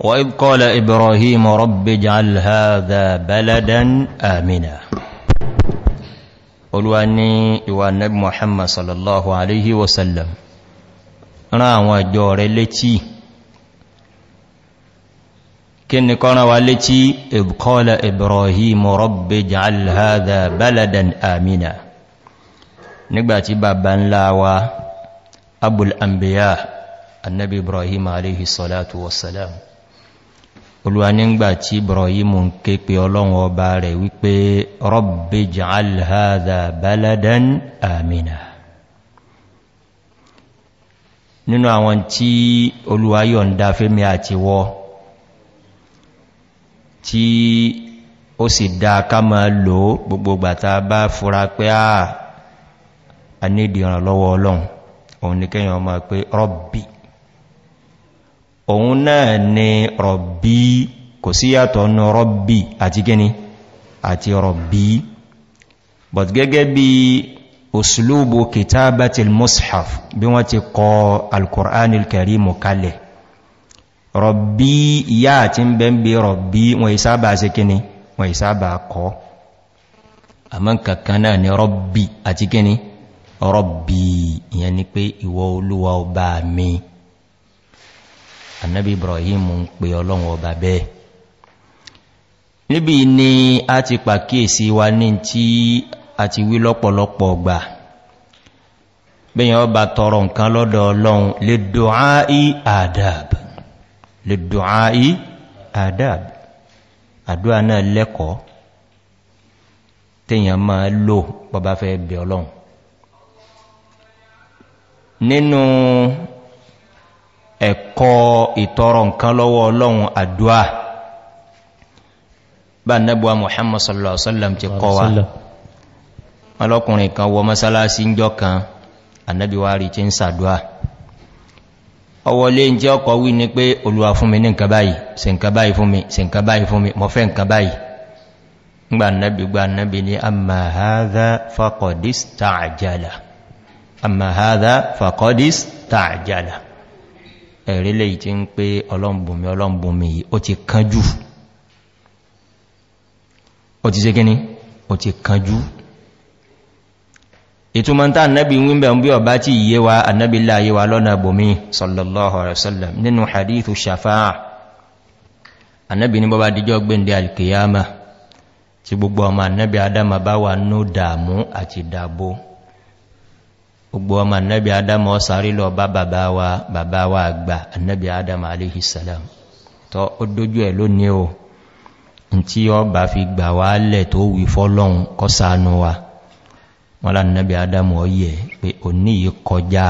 وإذ قال إبراهيم رب اجعل هذا بلدا آمنا olúwani ìwà nabi muhammad sallallahu alaihi wasallam ran àwọn àjọ rẹ̀ létí kí ni kọ́nà wa létí ìbkọ́lá ibrahim rọ̀bí jàlhádà baladan amina nígbàtí bàbá ńlá wa abul ambiya annabi ibrahim alaihi salatu wasallam olúwa nígbà tí ibrahimu ń ké pé ọlọ́run ọba rẹ̀ wípé rọ́bí jàálhàdà baladan amina nínú àwọn tí olúwa yọ̀ ń dá fẹ́mi àti wọ́ tí ó sì dá ká máa lò gbogbogbàta bá fura pé a nídìí ìrànlọ́wọ́ ọlọ́run òun ní kẹ́yàn ọmọ pé rọ́bí òun náà ni rọ̀bí kò sí yàtọ̀ ọ̀nà rọ̀bí àti gíní àti rọ̀bí but gẹ́gẹ́ bí òsùlúbù kìtàbàtìl mushaf bí wọ́n ti kọ alkùránì kẹrí mọ̀ kalẹ̀ rọ̀bí ìyá àti ń bẹ́m̀bẹ̀ rọ̀bí wọ́n ìsábà sí kíní wọ́n ìsábà kọ́ àmọ́ kankan náà ni rọ̀bí àti kíní rọ̀bí ìyẹn ni pé ìwọ olúwa ọba mi annabi ibrahim ń pe ọlọ́run ọba bẹ́ẹ̀ níbi ni a ti pàkíyèsí wa ní tí a ti wí lọ́pọ̀lọpọ̀ ọgbà bẹ́yàn ọba tọrọ nǹkan lọ́dọ̀ ọlọ́run lè dùn-áì àdáb lè dùn-áì àdáb àdúwà náà lẹ́kọ̀ọ́ tèyàn máa lò bọ́bá fẹ́ bẹ̀ ọlọ́run ẹ̀kọ́ ìtọrọ nǹkan lọ́wọ́ ọlọ́run àdúà bá nẹ́bùwa muhammad sallallahu alaihi wasallam ti kọ́ wa ọlọ́kùnrin kan wọ mọ́sálásí ń jọ kan annabiwa rí tí ń sàdúà ọwọ́lé ń jẹ́ ọkọ̀ wí ní pé olúwa fún mi ní nǹkan báyìí se nǹkan báyìí fún mi se nǹkan báyìí ngbà nẹ́bì gbà nẹ́bì ní amahada fakọdís tààjálà ẹ̀rí lè tí ń pé ọlọ́mbùnmi ọlọ́mbùnmi yìí ó ti kánjú ó ti ṣe gíní ó ti kánjú ìtumọ̀ntá annabi wímbẹ̀ ń bí ọba tí yíye wa annabi láyé wa lọ́nà bòmí sallallahu alaihi wasallam hadithu shafa'a annabi ní bọ́bá díjọ́ gbẹ̀ndẹ̀ alkiyama tí gbogbo ọmọ annabi adama bá wà ní gbogbo ọmọ annabi adam ọ sáré lọ bá bàbá wa bàbá wa àgbà annabi adam aléhìsàlám tọ́ ó dójú ẹ̀ lónìí o tí ọ bá fi gbà wá lẹ̀ tó wí fọ́lọ́un kọ́ sánú wa wọ́n lá annabi adam ọ yẹ pé o ní yí kọjá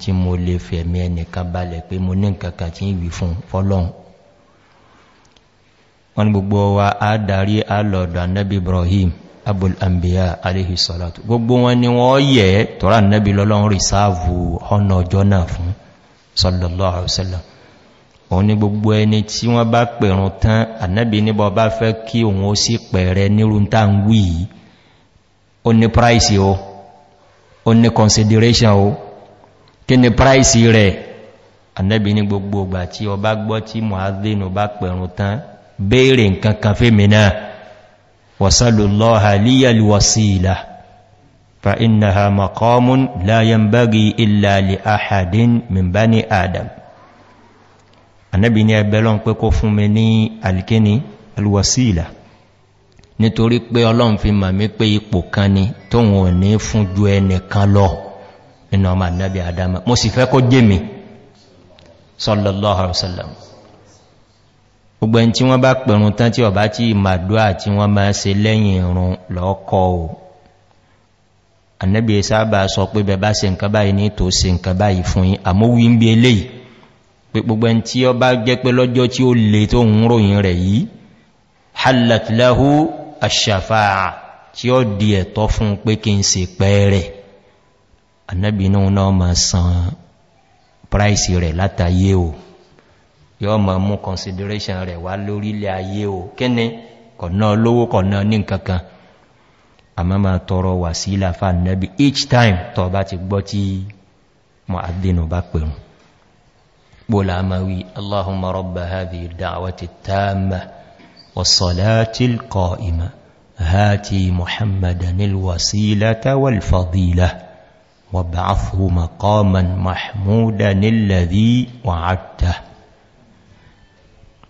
tí mo lè fẹ̀mí ẹnìkan balẹ̀ pé mo ní nǹkankan tí ń wí fún fọ́lọ́un wọ́n gbogbo wa á darí á lọ̀dọ̀ annabi ibrahim abul anbiya aléhì salatu. gbogbo wọn ni wọ́n yẹ tọ́rà nẹ́bí lọ́lọ́run rí sáàvù ọ̀nà ọjọ́ náà fún sallallahu alaihi wasallam òun ni gbogbo ẹni tí wọ́n bá pẹ̀rún tán ànẹ́bí níbọ̀ bá fẹ́ kí òun ó sì pẹ̀rẹ nírúntà ń wí ó ní price o ó ní consideration o kí ni price rẹ̀ annabi ní gbogbo ọgbà tí ọba gbọ́ tí mọ̀ adínú bá pẹ̀rún tán béèrè nǹkan kan fèmì náà وسلوا الله لي الوسيلة فإنها مقام لا ينبغي إلا لأحد من بني آدم النبي نيبالون بكو فمني الكني الوسيلة nítorí pé ọlọ́run fi mọ̀ mí pé ipò kan ni tóun ò ní fún ju ẹnìkan lọ nínú ọmọ ànábì àdámà mo sì fẹ́ kó jẹ́ mi sọ́lọ́lọ́hàrùsọ́lọ́mù gbogbo ẹni tí wọ́n bá pẹ̀rún tán tí ọ̀bá tí ìmàdúà tí wọ́n máa se lẹ́yìn ìrùn lọ́ọ̀kọ́ o annabi sábà sọ pé bẹ̀bá se nǹkan báyìí ní tó se nǹkan báyìí fún yí àmówí ń bí eléyìí gbogbo ẹni tí ọ jẹ́ pé lọ́jọ́ tí ó le tó ń ròyìn rẹ̀ yìí price rẹ̀ látàyé o yọ ma mú consideration rẹ̀ wá lórílẹ̀ ayé o kíni kọ̀nà olówó kọ̀nà ní nkankan a má ma tọrọ wà sí ìlàfà nẹ́bí each time tọ bá ti gbọ́ tí mọ̀ àdínú bá pẹ̀rùn bóla ma wí allahumma rabba hadhi da'awati tamma wasalatil qa'ima hati muhammadan fadila wa ba'athu maqaman mahmudan alladhi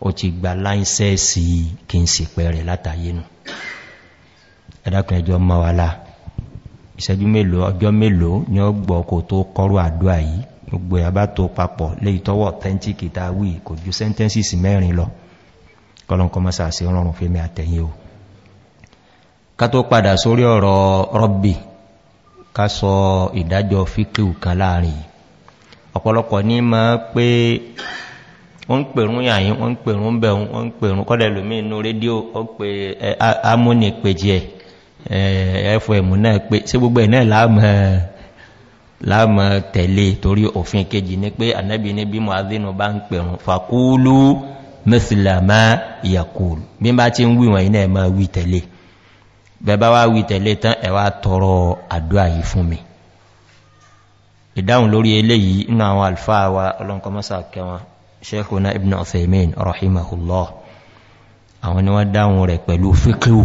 ó ti gba láìsẹ́ẹ̀sì kí n sì pẹ́ rẹ̀ látàyé nù ẹ̀dàkùn ẹjọ́ mọ́ wa lá ìṣẹ́jú mélòó ọjọ́ mélòó ni ó gbọ́ kò tó kọrù àdúà yìí gbogbo ìyàbá tó papọ̀ léyìí tọ́wọ́ authentic ìta wí kò ju sentences mẹ́rin lọ kọlọ̀nkọ́ mọ́sà sí ọlọ́run wọ́n ń pèrún yàyí wọ́n ń pèrún bẹ̀rún wọ́n ń pèrún kọ́lẹ̀ lómi inú rédíò ó pè amúni pèjì ẹ̀ fm náà pé sí gbogbo ẹ̀ náà láàmọ̀ tẹ̀lé torí òfin kejì ní pé anábi ní bí mọ̀ázínú bá ń pèrún fàkúlù mẹ́sìlàmá ìdáhùn lórí eléyìí àwọn ṣekùnà ibn ọ̀fẹ̀mẹ́n rahimahullah àwọn ni wọ́n dáhùn rẹ̀ pẹ̀lú fíkíwù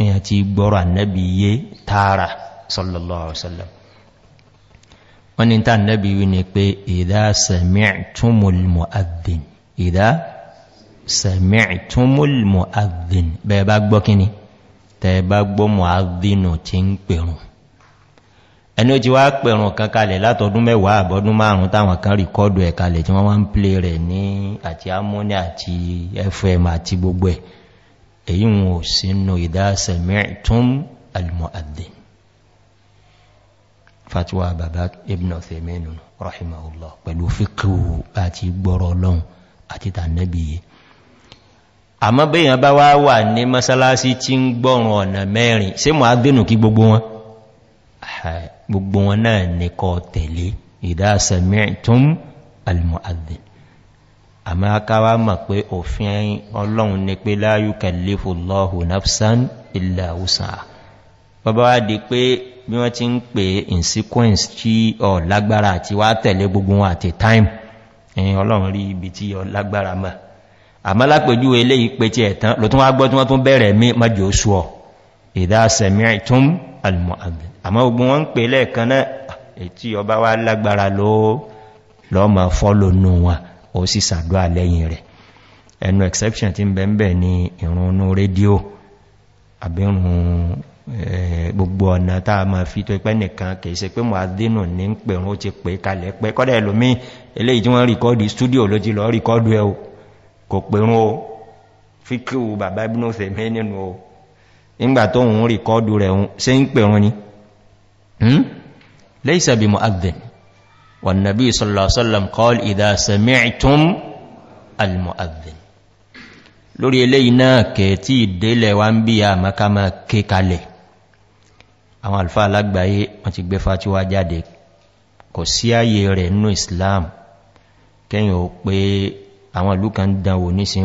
èyàn ti gbọ́rọ̀ annabi yé tààrà sallallahu alaihi wasallam wọ́n ni ta annabi wí ni pé ìdá sami'tumul mu'adhdhin ìdá sami'tumul mu'adhdhin bẹ́ẹ̀ bá gbọ́ kíni tẹ́ẹ̀ bá gbọ́ mu'adhdhinu ti ń ẹni ó ti wá pẹ̀rùn kan kalẹ̀ látọdún mẹ́wàá àbọ́dún márùn táwọn kan rìkọ́dù ẹ̀ kalẹ̀ tí wọ́n wá ń plé rẹ̀ ní àti amóní àti fm àti gbogbo ẹ̀ èyí wọn ò sínú ìdásẹ̀mẹ́tún almuaddin fatiwa baba ibn ọ̀fẹ̀mẹ́nu rahimahullah pẹ̀lú fíkú àti gbọ́rọ̀ mẹ́rin sí gbogbo wọn náà ní kọ tẹ̀lé ìdásẹ̀mẹ́tún almuhadin àmá káwà mọ̀ pé òfin ọlọ́run ní pé láyúkẹ̀ léfò lọ́hù nafsan ilẹ̀ àwúsà bọ́bá wá di pé bí wọ́n ti ń pè in sequence tí ọ lágbára àti wá tẹ̀lé gbogbo wọn àti time ẹ̀yìn ọlọ́run rí ibi tí ọ lágbára mọ̀ àmá lápẹjú eléyìí pé ti ẹ̀tán lò wá gbọ́ tí wọ́n tún bẹ̀rẹ̀ mí mọ́jọ́ sùọ́ ìdásẹ̀mẹ́tún almuhammed àmọ́ ogun wọn ń pè lẹ́ẹ̀kan náà ètí ọba wá lágbára ló lọ́mọ fọ́lò nù wọn ó sì sàdúrà lẹ́yìn rẹ̀ ẹnu exception ti ń bẹ̀ ń bẹ̀ ní ìrúnnú rédíò àbírùn eh, gbogbo ọ̀nà tá a máa fi tó ipẹ́ nìkan kìí se pé mọ̀ádínù ní ń pẹ̀rún ó ti pè kalẹ̀ pẹ́ kọ́dẹ̀ ẹlòmí eléyìí tí wọ́n rìkọ́dì stúdíò ló ti lọ rìkọ́dù ẹ o kò pẹ̀rún o fíkíwù bàbá ibùnú fèmí nínú o ìgbà tó ń rí kọ́dù rẹ̀ ṣe ń pè wọn ni hmm? lẹ́ìsẹ̀ bí mu'adhin wọn nàbí sọ́lọ̀sọ́lọ̀m kọ́l ìdásẹ̀mẹ́ẹ̀tún al-mu'adhin lórí eléyìí náà kẹ̀ tí ìdélẹ̀ wá ń bí àmàkàmà ké kalẹ̀ àwọn alfa alágbàáyé wọ́n ti gbé fàtíwá jáde kò sí ayé rẹ̀ nínú islam kẹ́yìn ò pé àwọn ìlú dánwò nísìn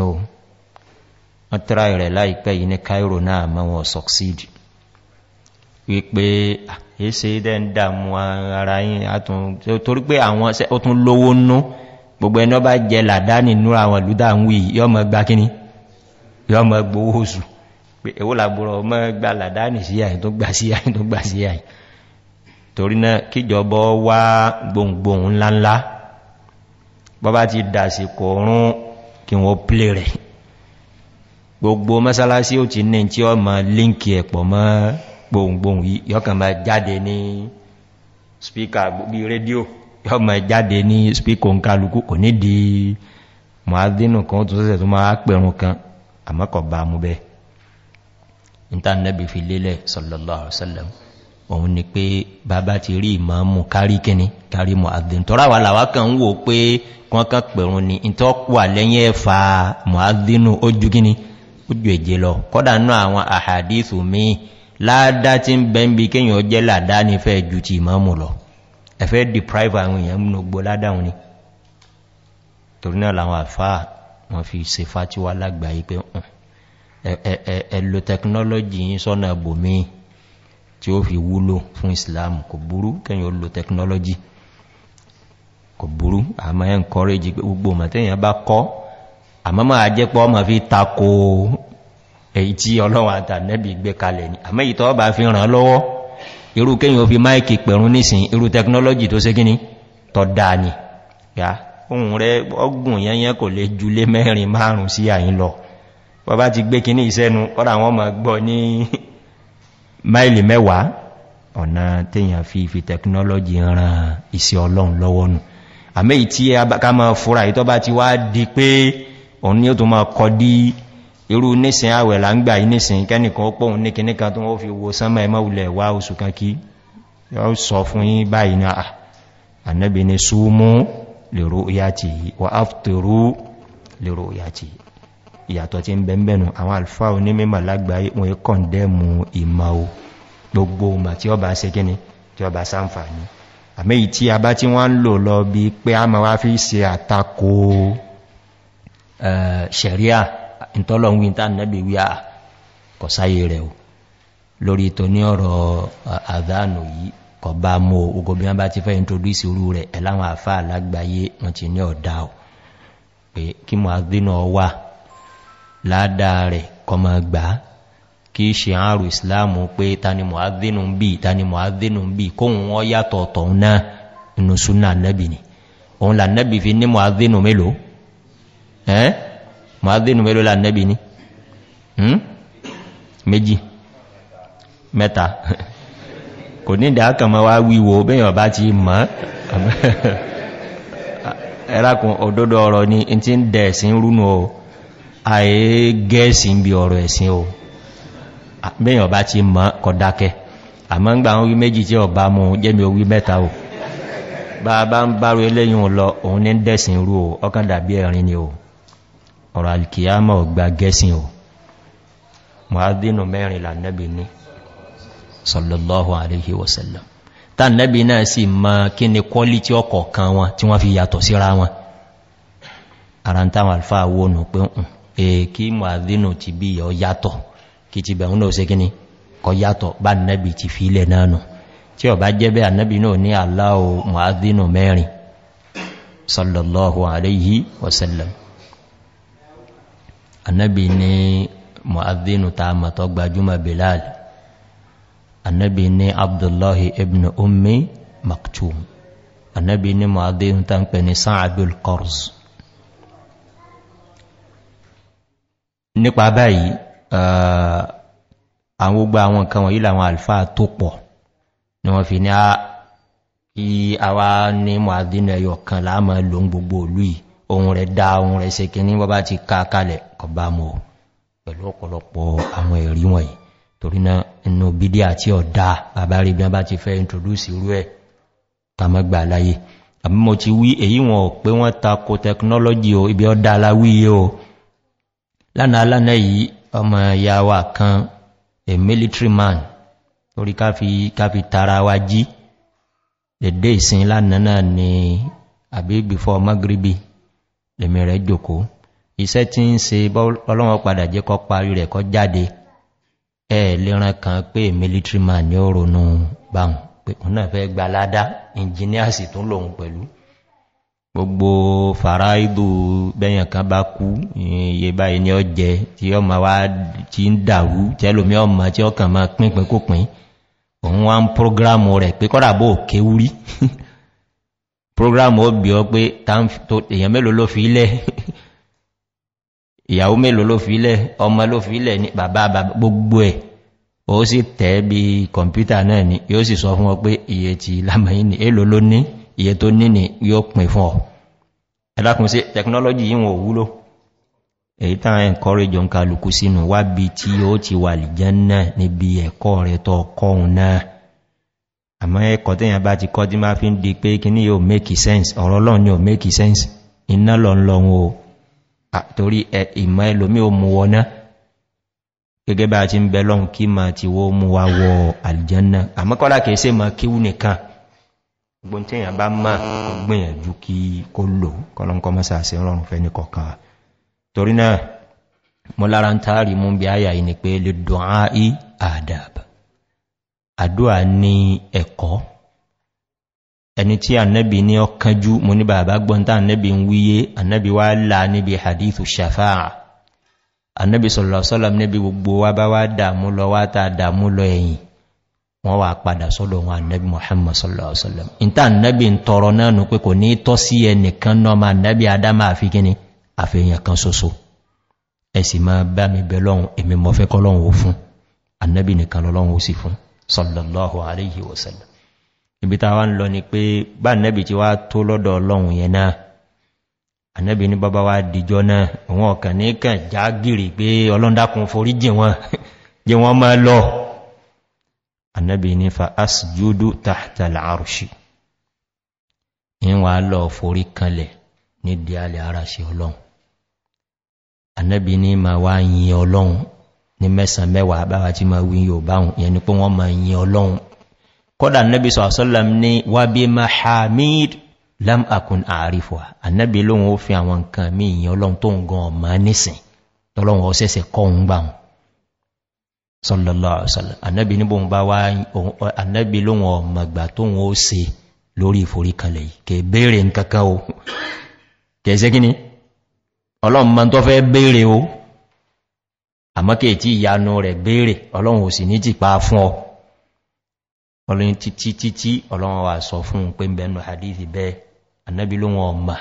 wọ́n tẹ́ra rẹ̀ láìpẹ́ yìí ní cairo náà mẹ́wọ̀n succeed wípé èése dẹ́ ń dàmú ara yìí torí pé àwọn ó tún lówó nú gbogbo ẹni ọba jẹ làdá nínú àwọn ìlúdà ń wí yọmọ gbá kíní yọmọ gbówó oṣù pé èwó làbúrọ̀ ọmọ gbá làdá nì sí àyìn tó gbà sí àyìn tó gbà sí àyìn kí wọ́n plé rẹ̀ gbogbo masalasi ó ti ní tí ó ma líǹkì ẹ̀pọ̀ mọ́ gbohùngbohùn yọ́kàn ma jáde ní spíkà bí rédíò yọ́ ma jáde ní spíkò ń kálukú kò ní di mọ̀ádínù kan tó sẹ́sẹ̀ tó máa pẹ̀rún kan àmọ́kọ̀ bá mú bẹ́ ìntànẹ́bì fi lélẹ̀ sallallahu alaihi wasallam òun ni pé bàbá ti rí ìmọ̀ọ́mù kárí kíní kárí mọ̀ àdín tọ́rà wà làwá kan ń wò pé kọ́nkán pẹ̀rún ni ìtọ́pù àlẹ́yìn ẹ̀fà mọ̀ àdínú ojú kíní ojú èjè lọ kọ́dà náà àwọn àhàdìsù mi láàdá tí ń bẹ́ ń bí kíyàn jẹ́ làdá ní fẹ́ jù ti ìmọ́mù lọ ẹ̀fẹ́ deprive àwọn èèyàn múnú gbọ́ ládáun ni torí náà làwọn àfáà wọ́n fi se fátíwá lágbàáyé pé ẹ̀lò tẹkinọ́lọ́jì yí sọ́nà bòmí tí ó fi wúlò fún islam kò burú kíyàn lò tẹkinọ́lọ́jì kò burú àmọ́ encourage pé gbogbo mọ̀tẹ́yàn bá kọ́ àmọ́mọ́ àjẹ́pọ̀ ọmọ fi tako èyí tí ọlọ́run àtànẹ́bì gbé kalẹ̀ ní àmọ́ ìtọ́ bá fi ràn lọ́wọ́ irú kéyìn òfin máìkì pẹ̀rún nísìn irú tẹknọ́lọ́jì tó sé gíní tọ́ dáa ni ya ohun rẹ ọgbùn yẹnyẹn kò lè ju lé mẹ́rin márùn sí àyín lọ bọ́bá ti gbé kíní ìsẹ́nu ọ́dà wọn mọ̀ gbọ́ ní máìlì mẹ́wàá ọ̀nà téèyàn fi fi tẹknọ́lọ́jì ran ìsẹ́ ọlọ́run lọ́wọ́ nù àmẹ́ ìtí ká máa fura ìtọ́ bá ti wá di pé òun ni ó tún máa kọ dí irú nísìn àwẹ̀ là ń gbà yí nísìn kẹ́nìkan ó pọ̀un ní kìníkan tó wọ́n fi wo sánmà ẹmọ́ ulẹ̀ wá oṣù kan kí yóò sọ fún yí báyìí náà ànẹ́bì ni súnmú lèrò ìyàtì wà áfìtòrò lèrò ìyàtì ìyàtọ̀ tí ń bẹ̀m̀bẹ̀nù àwọn alfa oní mímọ̀ lágbàáyé wọn kọ̀ndẹ̀mù ṣẹ̀ríà ìtọ́lọ̀wìn tàà nẹ́bì wíà kọ̀ sáyé rẹ̀ o lórí tó ní ọ̀rọ̀ àdánù yìí kọ̀ bá mọ́ ogun bí wọ́n bá ti fẹ́ introduce orú rẹ̀ ẹ̀láwọn àfá alágbàáyé wọ́n ti ní ọ̀dá o pé kí mọ̀ àdínà wà ládàá rẹ̀ kọmọ tani mọ̀ àdínù ń tani mọ̀ àdínù ń bì kóhun wọ́n yàtọ̀ ọ̀tọ̀ náà inú súnà nẹ́bì ni òun là nẹ́bì fi ní mọ̀ mélòó ẹ́ mọ̀ádínú mẹ́lò lánẹ́bì ní méjì mẹ́ta kò ní ìdá wá wíwo bẹ́yàn bá ti mọ́ ẹ̀rákùn ọdọ́dọ̀ ọ̀rọ̀ ni tí ti ń dẹ̀ ẹ̀sìn rúnú o àyè gẹ́ẹ̀sì ń bí ọ̀rọ̀ ẹ̀sìn o bẹ́yàn bá ti mọ́ kọ̀dákẹ́ àmọ́ ń wí méjì tí ọba mú jẹ́mi owí mẹ́ta o bá bá ń bá rú eléyìn lọ òun ní dẹ̀sìn rú ọkàn dàbí ẹ̀rin ni ọ̀rọ̀ alkiyama ọgbà gẹ́sìn o mọ̀ádínú mẹ́rin lànẹ́bì ní sallallahu alaihi wasallam ta nẹ́bì náà sì ma kí ni kọ́lí tí ọkọ̀ kan wọn tí wọ́n fi yàtọ̀ síra wọn ara ń táwọn alfa wónù pé ń èkí mọ̀ádínú ti bí yọ yàtọ̀ kí annabi ni mu'adhdhinu ta mato gbajúmọ̀ bilal annabi ni abdullahi ibn ummi maktum annabi ni mu'adhdhinu ta ń pè ní sa'adul qars nípa báyìí àwọn gbogbo àwọn nǹkan wọ̀nyí làwọn àlfáà tó pọ̀ ni wọ́n fi ní àwa ní mu'adhdhinu ẹyọ kan láàmà lóun gbogbo olú yìí ohun rẹ̀ dá ohun rẹ̀ ṣe kìíní wọ́n bá ti ká kalẹ̀ kọba mọ̀ pẹ̀lú ọ̀pọ̀lọpọ̀ àwọn ẹ̀rí wọ̀nyí torí inú bídí àti ọ̀dá bàbá bí wọ́n bá ti fẹ́ introduce irú ẹ̀ kàmọ́gbà láyé àbí mo ti wí èyí wọn pé wọ́n tako technology o ibi ọ̀dá aláwíyé o lánàá lánàá yìí ọmọ ìyá wa kan a military man torí káfi tara wa jí dèdè ìsin lánàá náà ni àbí before magribi lèmi rẹ̀ jòkó iṣẹ́ tí ń se ọlọ́wọ́n padà jẹ́ kọ́ parí rẹ̀ kọ́ jáde ẹ lẹ́ran kan pé military man ní ó ronú báhùn pé òun náà fẹ́ gba ládá engineers tún lòun pẹ̀lú gbogbo faraidu bẹ́yàn kan bá kú iye báyìí ni ọ jẹ tí ọ ma wá tí ń dàrú tẹ́lòmí ọmọ tí ọkàn ma pínpín kò òun wá ń prógrámù rẹ̀ pé kọ́dà kéwúrí prógrámù ó bí ọ pé èyàn mélòó ló fi ilẹ̀ ìyàwó mélòó ló fi ilẹ̀ ọmọ ló fi ilẹ̀ ní bàbá gbogbo ẹ̀ ó sì tẹ́ bí kọmpútà náà ni yóò sì sọ fún ọ pé iye ti lámàáyí ni èlò ló ní iye tó ní ni yóò pin fún ọ ẹlákùn sí tẹkinọ́lọ́jì yíwọ̀n òwúlò èyí tán ẹnkọ́rẹ́jọ ń kalùkù sínú wá bí tí ó ti wà lìjẹ́ náà níbi ẹ̀kọ́ rẹ̀ tọ́ ọkọ́ náà àmọ́ ẹkọ̀ tẹ́yàn bá ti kọ́ tí máa fi ń di pé kí ní yóò make sense ọ̀rọ̀ lọ́n ni make sense iná lọ ń lọ́un o torí ìmọ̀ ẹlòmí o mú wọná gẹ́gẹ́ bá ti ń bẹ lọ́un kí ma ti wó mú wa wọ àlìjánná àmọ́ kọ́lá kìí sí ma kíwú nìkan gbọ́n tẹ́yàn bá mọ́ gbìyànjú kí kó lò kọ́lọ́nkọ́ mọ́sà àdúà ní ẹ̀kọ́ ẹni tí annabi ní ọkànjú mo ní bàbá gbọ́ntá annabi ń wíyé annabi wá láà níbi hadithu shafa'a annabi sọ̀lọ̀sọ́lọ̀ níbi gbogbo wá bá wá dàmú lọ wá ta dàmú lọ ẹ̀yìn wọ́n wà padà sọ́dọ̀ wọn annabi muhammad sọ̀lọ̀sọ́lọ̀ ìta annabi ń tọrọ náà nù pé kò ní tọ́ sí ẹnìkan náà ma annabi adama àfi kíni àfihàn soso ẹ̀sì máa bá mi bẹ̀ lọ́hun èmi mọ́fẹ́ kọ́lọ́hun ó fún sallallahu alayhi wa sallam ibi ta wa ń lọ ni pé bá nẹ́bì tí wá tó lọ́dọ̀ ọlọ́run yẹn náà ànẹ́bì ní bàbá wá dìjọ́ náà òun ọ̀kàn ní kàn já gìrì pé ọlọ́ndàkùn forí jì wọn jẹ wọn máa lọ ànẹ́bì ní fa asjudu tahtala arṣi ìwọ̀n á lọ forí kanlẹ̀ ní dialẹ̀ ara ṣe ọlọ́run ànẹ́bì ní ma wá yin ọlọ́run ní mẹ́sàn mẹ́wàá báwa tí ma wí yóò báhùn yẹn ni pé wọ́n ma yin ọlọ́run kọ́dà nẹ́bí sọ àṣọ́lám ní wà bí mahamid lam akun àrífà annabi lóhun ó fi àwọn nǹkan mí yin ọlọ́run tó ń gan ọmọ nísìn tọ́lọ́run ó sẹ́sẹ̀ kọ́ ń gbà hùn sọ́lọ́lọ́ ọlọ́run ma àmọ́kẹ́ tí ìyanu rẹ̀ béèrè ọlọ́run ò sì ní ti pa fún ọ ọlọ́run títí títí ọlọ́run wà sọ fún un pé ń bẹnu hadithi bẹ́ẹ̀ annabi ló wọn ọmọ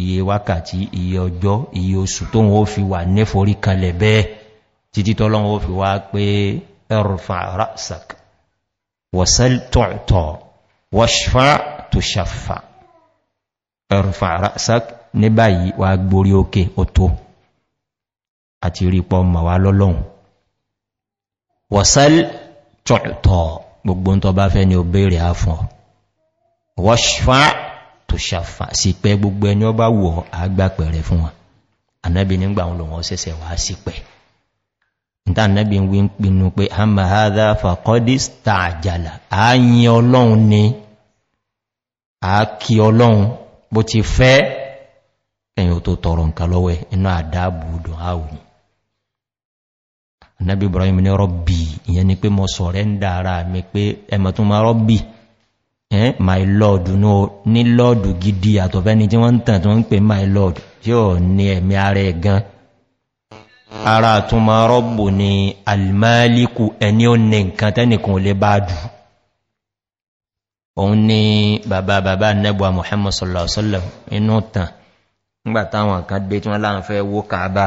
iye wákàtí iye ọjọ́ iye oṣù tó wọ́n fi wà nẹ́forí kalẹ̀ bẹ́ẹ̀ títí tọ́lọ́run ó fi wá pé àti rípọ mọ̀ wá lọ́lọ́un wọ̀sẹ́l tọ̀tọ̀ gbogbo tó bá fẹ́ ni ó bèèrè á fún ọ wọ́ṣfà tó ṣàfà sí pé gbogbo ẹni ọ bá wù ọ àgbà pẹ̀rẹ̀ fún wọn anábi nígbà wọn lòun ọsẹsẹ̀ wá sí pẹ̀ níta ni àákí ọlọ́run bó ti fẹ́ ẹ̀yìn ò tó tọrọ nǹkan lọ́wẹ́ iná àdáàbò dùn áwùn anábí ibrahim ní rọ́bì ìyẹn ni pé mọ́ sọ̀rẹ́ndà ara mi pé ẹmọ̀ tún ma rọ́bì eh my lord no ní lord gidi àtọ̀fẹ́ni tí wọ́n ń tàn tí wọ́n ń pè my lord yóò ní ẹ̀mí ara ẹ̀ gan ara tún ma rọ́bù ni almaliku ẹni ó ní nǹkan tẹ́nìkan lè bá dù òun ni bàbá bàbá nẹ́bùa muhammad sallallahu alaihi wasallam inú tàn nígbàtàwọn kan dé tí wọ́n láàrín fẹ́ wó kàábà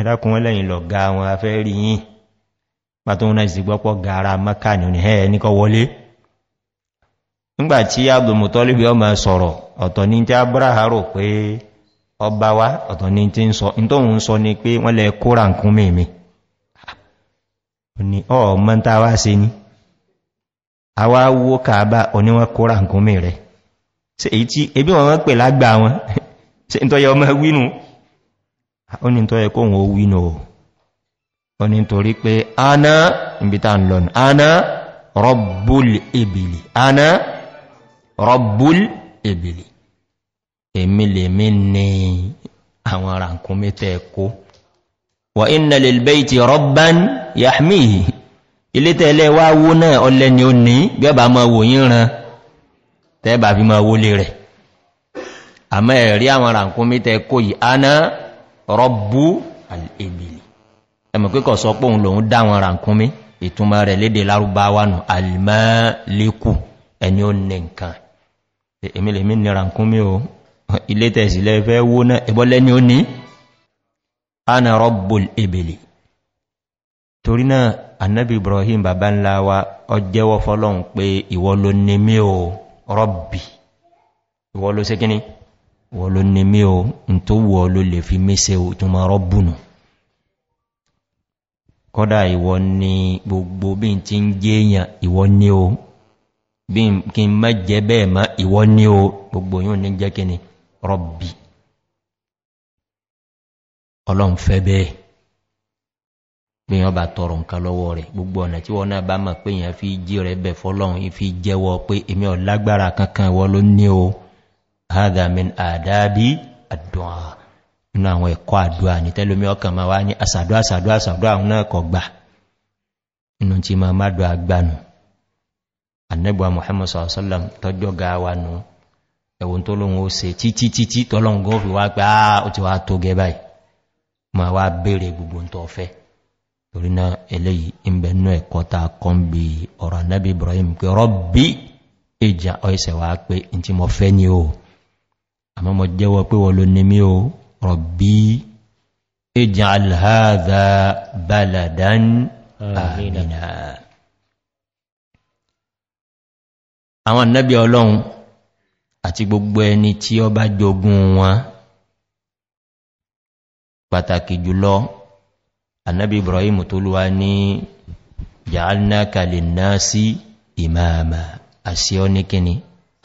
ẹ̀rákùnrin lẹ́yìn lọ ga wọn afẹ́ rí yìn pàtó wọn náà sì gbọ́pọ̀ ga ara maka ní oní ẹ̀ wọlé nígbàtí ọ̀tọ̀ ní tí àárò pé ọba wá ọ̀tọ̀ ní tí ń sọ ní pé wọ́n lẹ kóra nǹkan mẹ́mí ni ń tàwá sí a kóra ebí pè lágbà wọn ń ọmọ ó ní tó yẹ kó wọn owí náà ó ní torí pé aná ìbítà ń lọ́nà aná rọ́bùl ìbìlì aná rọ́bùl ìbìlì èmi lè mí ní àwọn ràǹkún mẹ́tẹ̀ kó wà iná lè bẹ́ ti rọ́bán yàmíhì ilé tẹ́lẹ̀ wá wó náà ọlẹ́ ni ó ní gẹ́bà máa wò yín ran tẹ́bà fi máa wó lè rẹ̀ àmẹ́ ẹ̀rí àwọn ràǹkún mẹ́tẹ̀ kó yìí aná rọ́bù al'ebìlì ẹmọ̀ kíkọ̀ sọ pé òun lòun dáwọn ràkúnmí ìtumọ̀ rẹ̀ lédè lárúbáwá nù alìmọ́lékù ẹni ó nẹ nǹkan èmìlèmí ni ràkúnmí o ilé tẹ̀sílẹ̀ fẹ́ wó náà ẹbọ́lẹ́ ni ó ní ana rọ́bù al'ebìlì torí náà annabi ibrahim wa ọjẹ́wọ́ fọ́lọ́hun pé ìwọ ló ní mí wọ́n ló o n tó wọ́ lè fi o tó rọ́bùnù ìwọ ni gbogbo bí n ti ń jẹ́yàn ìwọ ní o bí kí n má jẹ bẹ́ẹ̀ ìwọ ní o gbogbo yóò ní jẹ́ kíni rọ́bì tọrọ nǹkan lọ́wọ́ gbogbo ọ̀nà tí wọ́n náà bá mọ̀ pé èèyàn fi jí rẹ̀ bẹ̀ jẹ́wọ́ pé èmi kankan ló o hádà min àdábí àdúwà inú àwọn ẹ̀kọ́ àdúwà ní tẹ́lómí ọkàn ma wá ní àsàdúwà àsàdúwà àsàdúwà àwọn náà kọ gbà inú tí ma má dùn agbánu anẹ́gbà muhammad sallam tọ́jọ́ ga wa nù ẹ̀wọ̀n tó lóhun ó se títí títí tọ́lọ́hun gọ́ fi wá pé á ó ti wá tó gẹ ibrahim pé rọ́bí ìjà ọ̀ẹ́sẹ̀ wá pé àmọ́ mọ̀ jẹ́wọ́ pé wọ́n ló ní mí o rọ̀bí ejì alhada baladan amina àwọn annabi ọlọ́run àti gbogbo ẹni tí ọ bá jogun wọn pàtàkì jùlọ annabi ibrahim tó lúwa ní jàálná kalìnnáàsí ìmáàmà àṣíọ́ ní kíni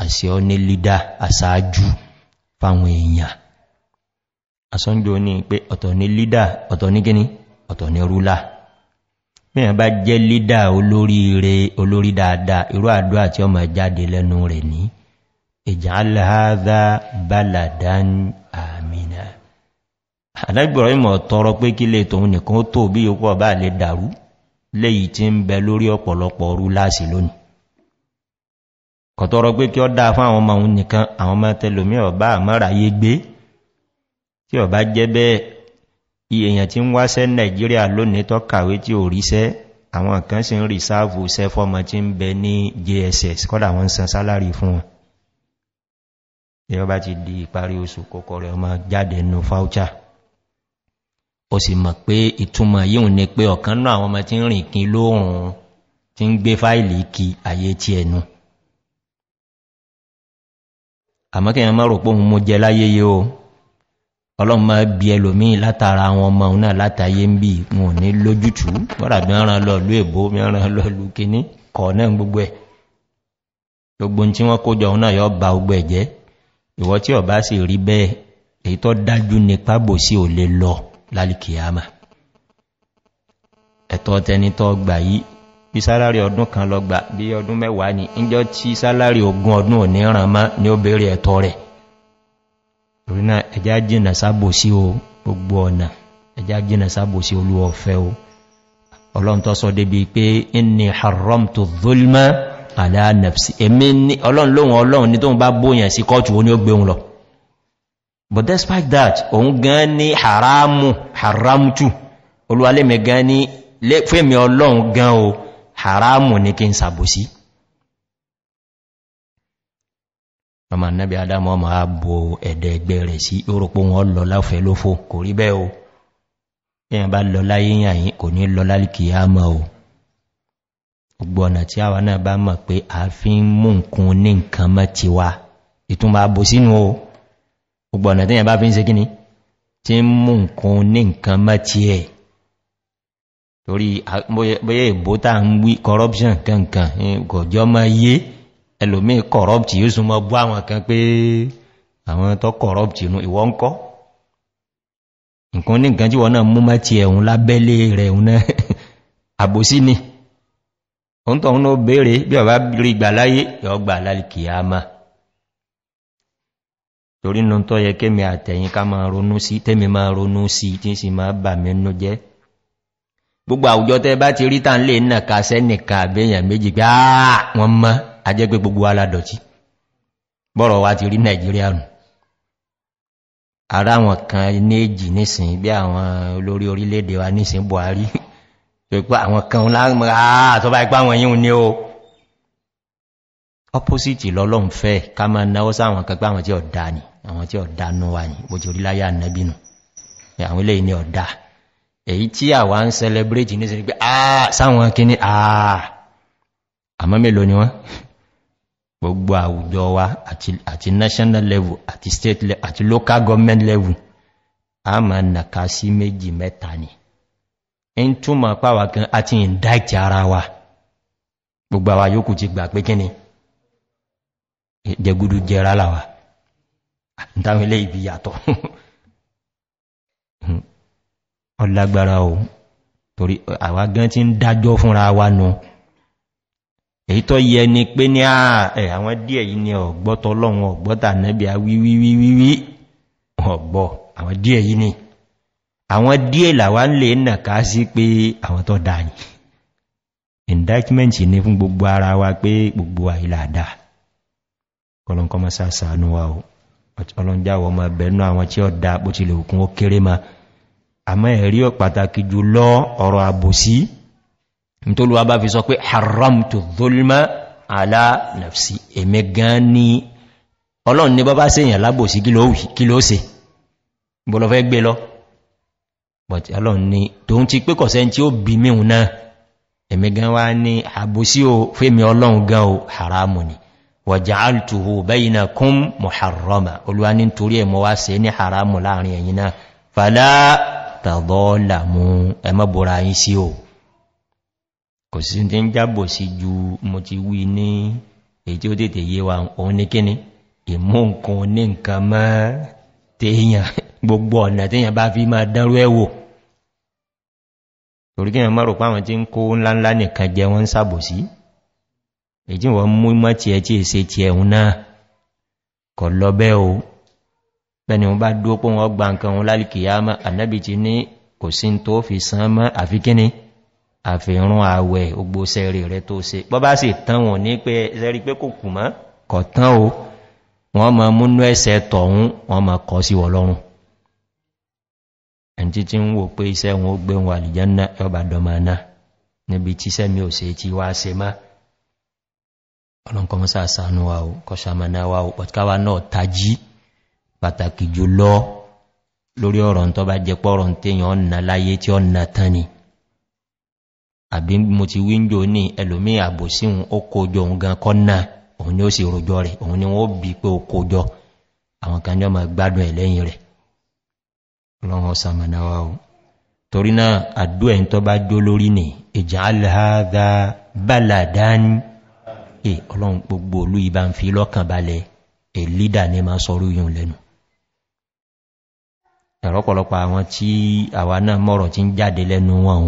àṣíọ́ ní lídá àṣáájú fáwọn èèyàn asọ́njò ní pé ọ̀tọ̀ ní lídà ọ̀tọ̀ ní gíní ọ̀tọ̀ ní rúlà mẹ́yàn bá jẹ́ lídà olóríire olórí dáadáa irú àdúrà tí ọmọ jáde lẹ́nu rẹ̀ ní ìjà aláhádá baladan àmìnà alágbọ̀rọ̀ kọ̀tọ́rọ pé kí ọ dá fún àwọn ọmọ òun nìkan àwọn ọmọ tẹlòmí ọ̀bá àmọ́ra yé gbé tí ọ̀bá jẹ́ bẹ́ẹ̀ èèyàn tí ń wáṣẹ́ nàìjíríà lónìí tọ́ kàwé tí ò ríṣẹ́ àwọn kan sì ń rí sáàfù iṣẹ́ fọ́mọ tí ń bẹ ní jss kọ́dà wọ́n san sálárì fún wọn ìrọba ti di ìparí oṣù kọkọ rẹ̀ ọmọ jáde nù fáúchà ó sì mọ̀ pé ìtumọ̀ yíò ní pé ọ̀kan náà àwọn ọmọ tí ń rìn kí lóòrùn tí ń gbé fáìlì kí ayé tí ẹnu àmọ́kẹ́yàn mọ́rò pòhun mú jẹ láyé yí o ọlọ́run máa bí ẹlòmí látara àwọn ọmọ òun náà látàyé ń bí wọn ò ní lójútù wọ́n àbí ọ̀ràn lọ lú èbó mìíràn lọ lú kíní kọ̀ náà gbogbo ẹ̀ gbogbo tí wọ́n kójọ òun yọ ba ogbẹ̀ jẹ́ ìwọ́ tí ọ̀bá sì rí bẹ́ẹ̀ èyí tó dájú ní pábò sí ò lè lọ lálìkìyàmà ẹ̀tọ́ tẹnitọ́ gbà yìí bí sálárì ọdún kan lọ gbà bí ọdún mẹ́wàá ní ìjọ tí sálárì ogun ọdún ò ní ràn má ní ó bèèrè ẹ̀tọ́ rẹ̀ torí náà ẹjá jìnà sábò sí o gbogbo ọ̀nà ẹjá jìnà sábò sí olúọ̀fẹ́ o ọlọ́ntọ́ sọ débi pé inni haram to zulma aláànàfsí èmi ní ọlọ́run lóhun ọlọ́run ní tóhun bá bóyàn sí kọ́ọ̀tù ó ní ó gbé òun lọ but despite that òun gan ní haramu haramtu olúwalẹ́mẹ̀ gan ní fẹ́mi ọlọ́run gan o haramu ní kí n sàbòsí ọmọ annabi adamu ọmọ ààbò ẹ̀dẹ̀ ẹgbẹ́ rẹ̀ sí orúkú wọn lọ láfẹ́ lófò kò rí bẹ́ o èyàn bá lọ láyé yàyìn kò ní lọ lálìkì àmà o gbogbo ọ̀nà tí àwa náà bá mọ̀ pé a fi ń mú nǹkan ní nǹkan mọ́ ti wa ìtún bò sínú o gbogbo ọ̀nà tí èyàn bá fi ń se kíní tí ń mú nǹkan ní nǹkan mọ́ ti ẹ̀ torí bóyẹ ìbò tàà ń wí corruption kankan gọ̀jọ́ ma yé ẹlòmí corrupt yóò súnmọ́ bú àwọn kan pé àwọn tó corrupt inú ìwọ́n ń kọ́ nǹkan ní nǹkan tí wọ́n náà mú má ti ẹ̀hùn lábẹ́lé rẹ̀ ẹ̀hùn náà àbòsí ni oun tó ń bèèrè bí ọ̀bá rí gbà láyé yọ gbà lálìkì àmà torí nù tó yẹ kémi àtẹ̀yìn ká máa ronú sí tẹ́mi máa ronú sí tí sì máa bà mẹ́nu jẹ́ gbogbo àwùjọ tẹ́ bá ti rí tàn lè nà ká sẹ́nìkà àbẹ́yàn méjì pé àà wọn mọ́ ajẹ́ pé gbogbo aládọ̀tí bọ́rọ̀ wá ti rí nàìjíríà nù ara wọn kan inéjì nísìn bí àwọn olórí orílẹ̀-èdè wa nísìn buhari pẹ̀pẹ́ àwọn kan láàá àtọ́bá ipá wọn yíò opposite lọ́lọ́m fẹ́ ká máa náwó sáwọn kan pé ni àwọn tí ọ̀dá nú wa ni bójú oríláyà nẹ́bínú àwọn ilé èyí tí àwa ń celebrate ní sí pé àà ah, sáwọn kíní àà ah. àmọ́ mélòó ni wọ́n gbogbo àwùjọ wa àti national level àti state level àti local government level a ma nàka sí méjì mẹ́ta ni in túnmọ̀ pàwà kan àti indict ara wa gbogbo àwà yóò ti gbà pé kíni jẹgudu jẹra wa ìtàwílé ibi yàtọ̀ ọlágbára o torí àwá gán tí ń dájọ́ fúnra wa nù èyí tó yẹ ni pé ní ààrẹ àwọn díẹ̀ yìí ni ọ̀gbọ́tọ̀ ọlọ́run ọ̀gbọ́ta nẹ́bí wíwíwíwí ọ̀gbọ́ àwọn díẹ̀ yìí ni àwọn díẹ̀ làwá ń lè nà ká sí pé àwọn tó dáa yìí indictment ní fún gbogbo ara wa pé gbogbo àìlàdà kọlọ̀nkọ́mọ́sá sàánú wa o àmọ́ ẹ̀rí ọ̀ pàtàkì jù lọ ọ̀rọ̀ àbòsí nítolúwà bá fi sọ pé haram tó zolma ala nafsi èmẹ gan ní ọlọ́run ní bọ́bá sèyàn lábòsí kí ló se bọ́lọ fẹ́ gbé lọ but ọlọ́run ní tóun ti pé kọ̀sẹ́ tí ó bí mẹ́un náà kún muharrama olúwa ní torí ẹ̀mọ́ wá ní haramu láàrin ẹ̀yìn náà fàlá tàbọ́ọ̀làmú ẹmọ́bọ̀ra yí sí o kò sí tí ń jábò sí ju mo ti wí ní èyí ó tètè yé wa òun ní kíní ìmú nǹkan ní nǹkan mọ́ téèyàn gbogbo ọ̀nà téèyàn bá fi máa dánrú ẹ̀wò torí kíyàn mọ́rò páwọn tí ń kó ńláńlá nìkan jẹ wọ́n ń sàbò sí èyí wọ́n mú mọ́ tí èsè náà kọ̀ lọ bẹ́ o bẹni wọn bá dúó pọ́ wọn gba nǹkan wọn lálìkìyàmọ́ ànábì ti ní kò sí tó fi sán mọ́ àfikíní àfihàn àwẹ̀ ogbó sẹ́rì rẹ tó se bọ́ bá sì tán wọn ní pé sẹ́rí pé kò kù mọ́ kọ̀ tán o wọ́n ma múnú ẹsẹ̀ tọ̀hún wọ́n ma kọ́ sí wọlọ́run ẹn ọlọ́nkọ́ mọ́sá sánú wa ó kọ́ṣàmọ́ná wa ó pọ̀tíkáwà náà tají pàtàkì jùlọ lórí ọ̀rọ̀ tó bá jẹ pọ́rọ̀ tèyàn ọ̀nà láyé tí ọ̀nà tán ni àbí mo ti wíńdò ní ẹlòmí àbòsíhun ó kójọ òun gan kọ́nà òun ni ó sì rojọ rẹ̀ òun ni wọ́n bí pé ó kójọ àwọn kan ní ọmọ gbádùn ẹ̀ lẹ́yìn rẹ̀ lọ́wọ́ sàmànáwà o torí náà àdó ẹ̀rọ̀pọ̀lọpọ̀ àwọn tí àwà náà mọ́rọ̀ tí ń jáde lẹ́nu wọn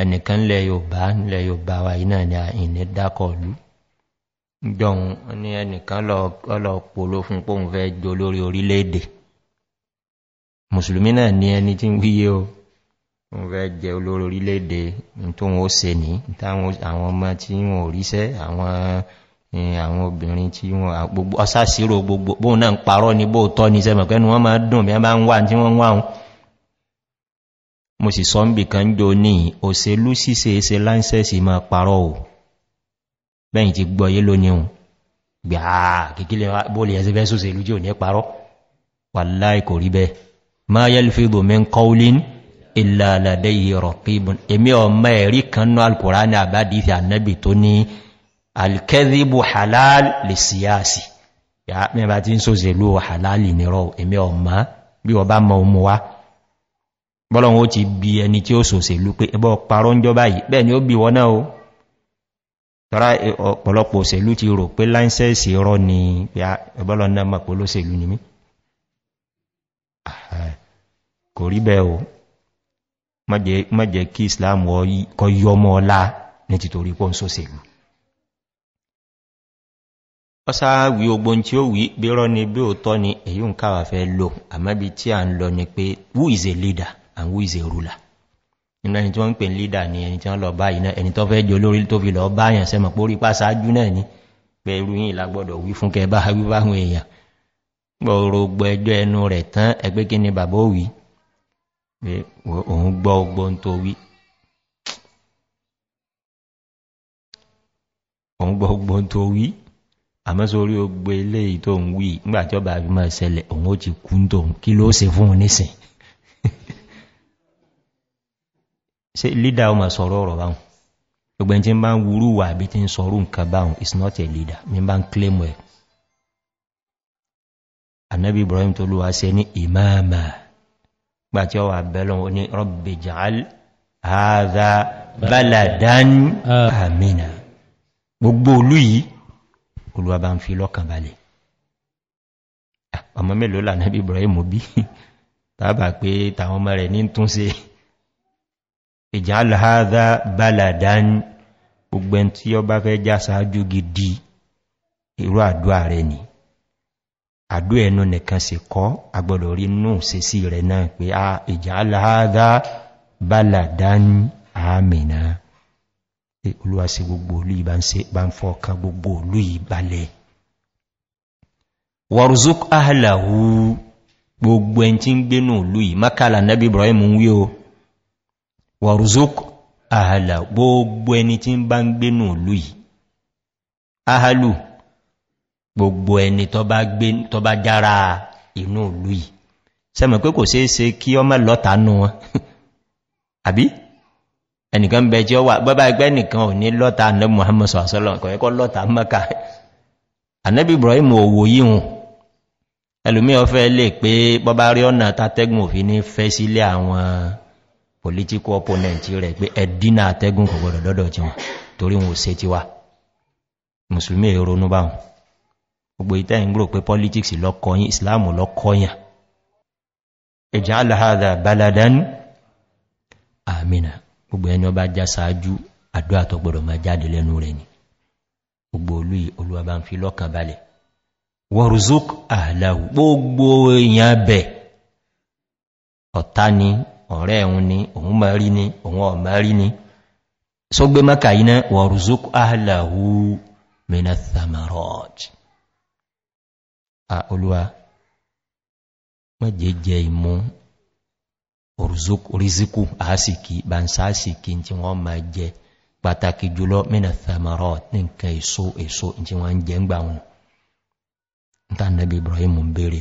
ẹnìkan lẹ yóòbá nílẹ̀ yóòbá wa iná ni àìní dákọ̀ọ̀lú jọun ní ẹnìkan lọ́pọ̀ ló fún pòun fẹ́ jọ lórí orílẹ̀-èdè mùsùlùmí náà ní ẹni tí wíyé o ń fẹ́ jẹ olórí orílẹ̀-èdè tó wọn ó se ní táwọn ọmọ tí wọn ò ríṣẹ́ àwọn àwọn obìnrin tí wọ́n gbogbo ọsá gbogbo bóò náà ń parọ́ ní bóò tọ́ ní sẹ́mọ̀ pẹ́nu wọ́n máa dùn bí a bá ń wà tí wọ́n wáhun mo sì sọ ń bì kan jò ní òṣèlú síse ẹsẹ láńsẹ́sì máa parọ́ ò bẹ́yìn ti gbọ́yé lónìí gbàá kìkílẹ̀ bóòlì ẹsẹ fẹ́ kan no alquran abadi fi annabi to ni alkẹ́dìbò halal lè síyásì ya mẹ́bà tí ń so zèlú halali nìrọ èmẹ́ ọmọ bí wọ bá mọ̀ mú wá bọ́lọ̀wọ́ ti bí ẹni tí ó so zèlú pé ẹbọ́ parọ́ ń jọba yìí bẹ́ẹ̀ ni ó bí wọ́n náà o tọ́rá ọ̀pọ̀lọpọ̀ òṣèlú ti rò pé láńsẹ́ẹ̀sì rọ ni ah, ẹbọ́lọ̀ náà ni mí kò rí bẹ́ẹ̀ ọsáàwí ogbon tí ó wí bí rọ́ ni bí ó tọ́ ni èyí ń káwà fẹ́ lò àmọ́bí tí a ń lọ ni pé who is a leader and who is a ruler nínú ẹni tí wọ́n ń pè leader ni ẹni tí wọ́n lọ báyìí náà ẹni tó fẹ́ jẹ olórí tó fi lọ báyàn sẹ́mọ̀ pórí pásáájú náà ni pé irú yìí lágbọ́dọ̀ wí fún kẹ bá wí báwọn èèyàn gbọ́rọ̀ gbọ́ ẹjọ́ ẹnu rẹ̀ tán ẹgbẹ́ kí ni bàbá òwí pé òun gbọ́ ogbon tó wí òun gbọ́ tó wí àmọ́ sórí ogbe ilé tó ń wí nígbàjọba àgbìmọ̀ ìṣẹ̀lẹ̀ òun ó ti kú tó ń kí ló se fún onísìn ṣe lídà ọmọ sọ̀rọ̀ ọ̀rọ̀ báhùn gbogbo ẹni tí ń bá ń wúrú wà bí tí ń sọ̀rọ̀ nǹkan báhùn is not a leader mi bá ń claim ẹ̀ anabi ibrahim tó lù wá ṣe ní ìmáàmà gbàtí ọwà bẹ́lọ̀ ní rọ́bì jàál àádá baladan ah. amina gbogbo olú yìí olúwa bá ń fi lọ́kàn balẹ̀ ọmọ mélòó lànàbí ibrahim bí tàbà pé tàwọn ọmọ rẹ̀ ní tún sí ìjà aláhádá baladan gbogbo ẹn tí ó bá fẹ́ já sáájú gidi irú àdúà rẹ̀ ni àdó ẹnu nìkan sì kọ́ agbọ̀dọ̀ rí nù sí sí rẹ̀ náà pé ìjà aláhádá baladan àmìnà olúwa sí gbogbo olú yìí bá ń fọ́ọ̀kan gbogbo olú yìí balẹ̀ warzuk ahlahu gbogbo ẹn tí ń gbénú olú yìí makala nabi ibrahim ń wí o warzuk ahlahu gbogbo ẹni tí ń bá ń gbénú olú yìí ahalu gbogbo ẹni tó bá jára inú olú yìí sẹ́mọ̀ pé kò ṣeé ṣe kí ọmọ lọ́ta nù wọn àbí ẹnìkan bẹ jẹ́ wà bọ́bá ẹgbẹ́ nìkan ò ní lọ́ta annabi muhammad sọ̀sọ́lọ̀ kọ̀ẹ́kọ́ lọ́ta mọ́ka annabi ibrahim òwò yíhun ẹlùmí ọfẹ́ lè pé bọ́bá rí ọ̀nà tàtẹ́gùn òfin ní fẹ́ sílé àwọn political opponent rẹ̀ pé ẹ̀dínà àtẹ́gùn kò gbọdọ̀ tí wọn torí wọn ò se ti wá musulmi ronú báwọn gbogbo ìtẹ́ ìgbò pé politics lọ́kọ̀yìn islam lọ́kọ̀yìn ẹ̀já alahada baladan amina gbogbo ẹni ọba já sáájú àdó àtọ̀gbọ̀dọ̀ máa jáde lẹ́nu rẹ̀ ni gbogbo olú olúwa bá ń fi lọ́kàn balẹ̀ wọ́rùzúk àhàláwù gbogbo èèyàn bẹ̀ ọ̀tá ni ọ̀rẹ́ ẹ̀hun ni òun máa rí ni òun ọ̀má rí ni sógbé mọ́kà yíná wọ̀rùzúk àhàláwù mẹ́nà thamaraj olúwa mọ́jẹ́ jẹ ìmú òrìsíkù àásìkí bá ń sáàsìkí tí wọ́n ma jẹ pàtàkì jùlọ mẹ́nà thamarot ní nǹkan èso èso tí wọ́n ń jẹ ń gbà wọn ta nabi ibrahim ń bèèrè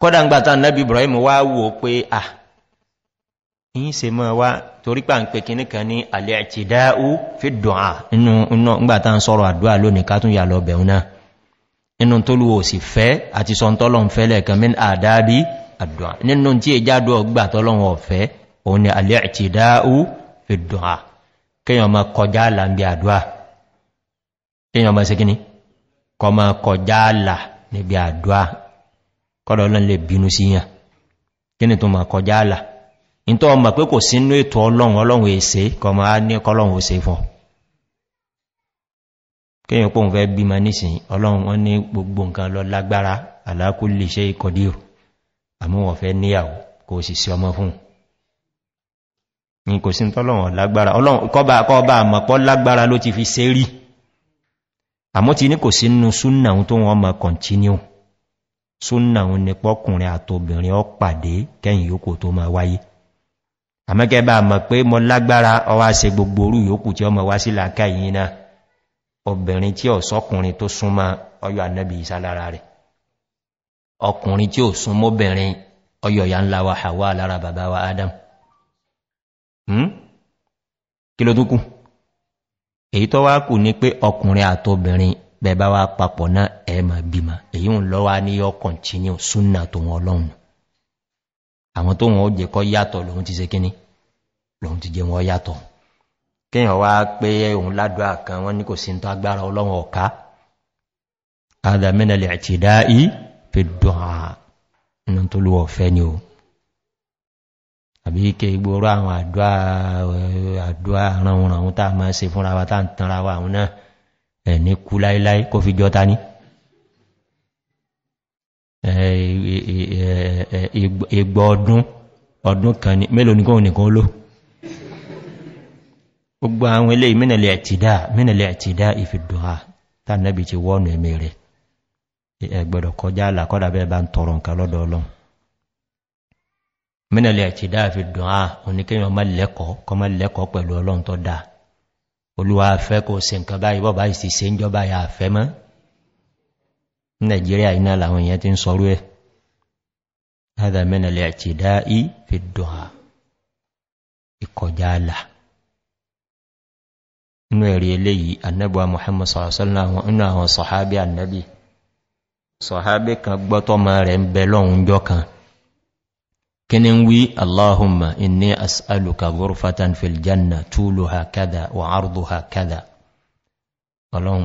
kọ́dà ń gbàtà nabi ibrahim wá wò pé à ń se mọ́ wá torí pà ń pè kí níkan ní alẹ́ ti dáú fi dùnà inú ngbàtà ń sọ́rọ̀ àdúrà lónìí ká tún yà lọ bẹ̀rún náà inú tó lù ò sì fẹ́ àti sọ́ntọ́lọ̀ ń fẹ́lẹ̀ kan mẹ́n àdábí àdùá nínú tí ìjádọ́ ọgbà tọ́lọ́wọ́ ọ̀fẹ́ òun ni alẹ́ ti dáú fi dùá kíyàn ma kọjá àlà ń bí àdùá kíyàn ma síkíní kọ ma kọjá àlà níbi àdùá kọ́dọ̀ ọlọ́n lè bínú sí yàn kí ni tó ma kọjá àlà in tó ọmọ pé kò sínú ètò ọlọ́run ọlọ́run èsè kọ ma ní kọlọ́run òsè fún kíyàn pòun fẹ́ bímọ nísìn ọlọ́run wọn ní gbogbo nǹkan lọ lágbára àlákùlé iṣẹ́ ìkọdíò àmúwọ̀n fẹ́ níyàwó kò sì sí ọmọ fún ní kò sí tọ́lọ̀wọ̀n lágbára ọlọ́run kọba kọba àmọ̀pọ̀ lágbára ló ti fi ṣe rí àmọ́ ti ní kò sí nínú súnnàun tó wọ́n mọ̀ continue súnnàun ni pọ́kùnrin àtobìnrin ọ pàdé kẹ́yìn yóò kò tó máa wáyé àmọ́kẹ́ bá mọ̀ pé mọ lágbára ọwá se gbogbo orú yóò kù tí ọmọ wá sí làákà náà obìnrin tí ọ̀sọ́kùnrin tó súnmọ́ ọyọ́ ànẹ́bì ìsálára rẹ̀ ọkùnrin tí ó sún mọ́bìnrin ọyọ̀yà ńlá wa Hawa lára bàbá wa Adam hmm? kí ló dúkù èyí tó wá kù ní pé ọkùnrin àtobìnrin bẹ̀bá wa papọ̀ náà ẹ̀mà bímà èyí ń lọ wá ní ọkàn tí ní súnà tó wọn ọlọ́run àwọn tó wọn ó jẹ́ kọ́ yàtọ̀ lòun ti ṣe kíní lòun ti jẹ́ wọn yàtọ̀ kíyàn wá pé òun ládùá kan wọ́n ní kò sí ní tó agbára ọlọ́run ọ̀ká adàmínà lè àtìdá yìí fi dùnà inú tó lú ọ̀fẹ́ ni o àbí ike ìgboro àwọn àdúà ránwọ̀n àwọn tàà máa se fúnra wa tàà tànra wa àwọn náà ẹ̀ ní kú láíláí kó fi jọta ní ìgbọ̀ ọdún ọdún kan ní mélòó ní kóhùn nìkan ló gbogbo àwọn ilé mínàlẹ̀ ẹ̀tìdá ìfìdùn à tàà náà bí ti wọ́nà ẹ̀mẹ́ rẹ̀ ẹgbọ́dọ̀ kọjá àlàkọ́dà bẹ́ẹ̀ bá ń tọrọ nǹkan lọ́dọ̀ ọlọ́run mínàlẹ̀ àti dáàfi dùn á oníkẹyàn ọmọ lẹ́kọ̀ọ́ kọmọ lẹ́kọ̀ọ́ pẹ̀lú ọlọ́run tó dáa olúwa fẹ́ kó se nǹkan báyìí bọ́bá ìsì se ń jọba ya fẹ́ mọ́ nàìjíríà iná làwọn èèyàn ti ń sọrú ẹ̀ hádà mínàlẹ̀ àti dáì fi dùn á ìkọjá àlà inú ẹ̀rí eléyìí annabuwa muhammad sallallahu alaihi wasallam inú àwọn sọ̀hábí annabi sọ̀hábé kan gbọ́tọ́mọ rẹ̀ ń bẹ lọ́hun jọ kan kí ni ń wí allahumma inni as'aluka ghurfatan fil janna tulu ha kada wa ardu ha kada ọlọ́run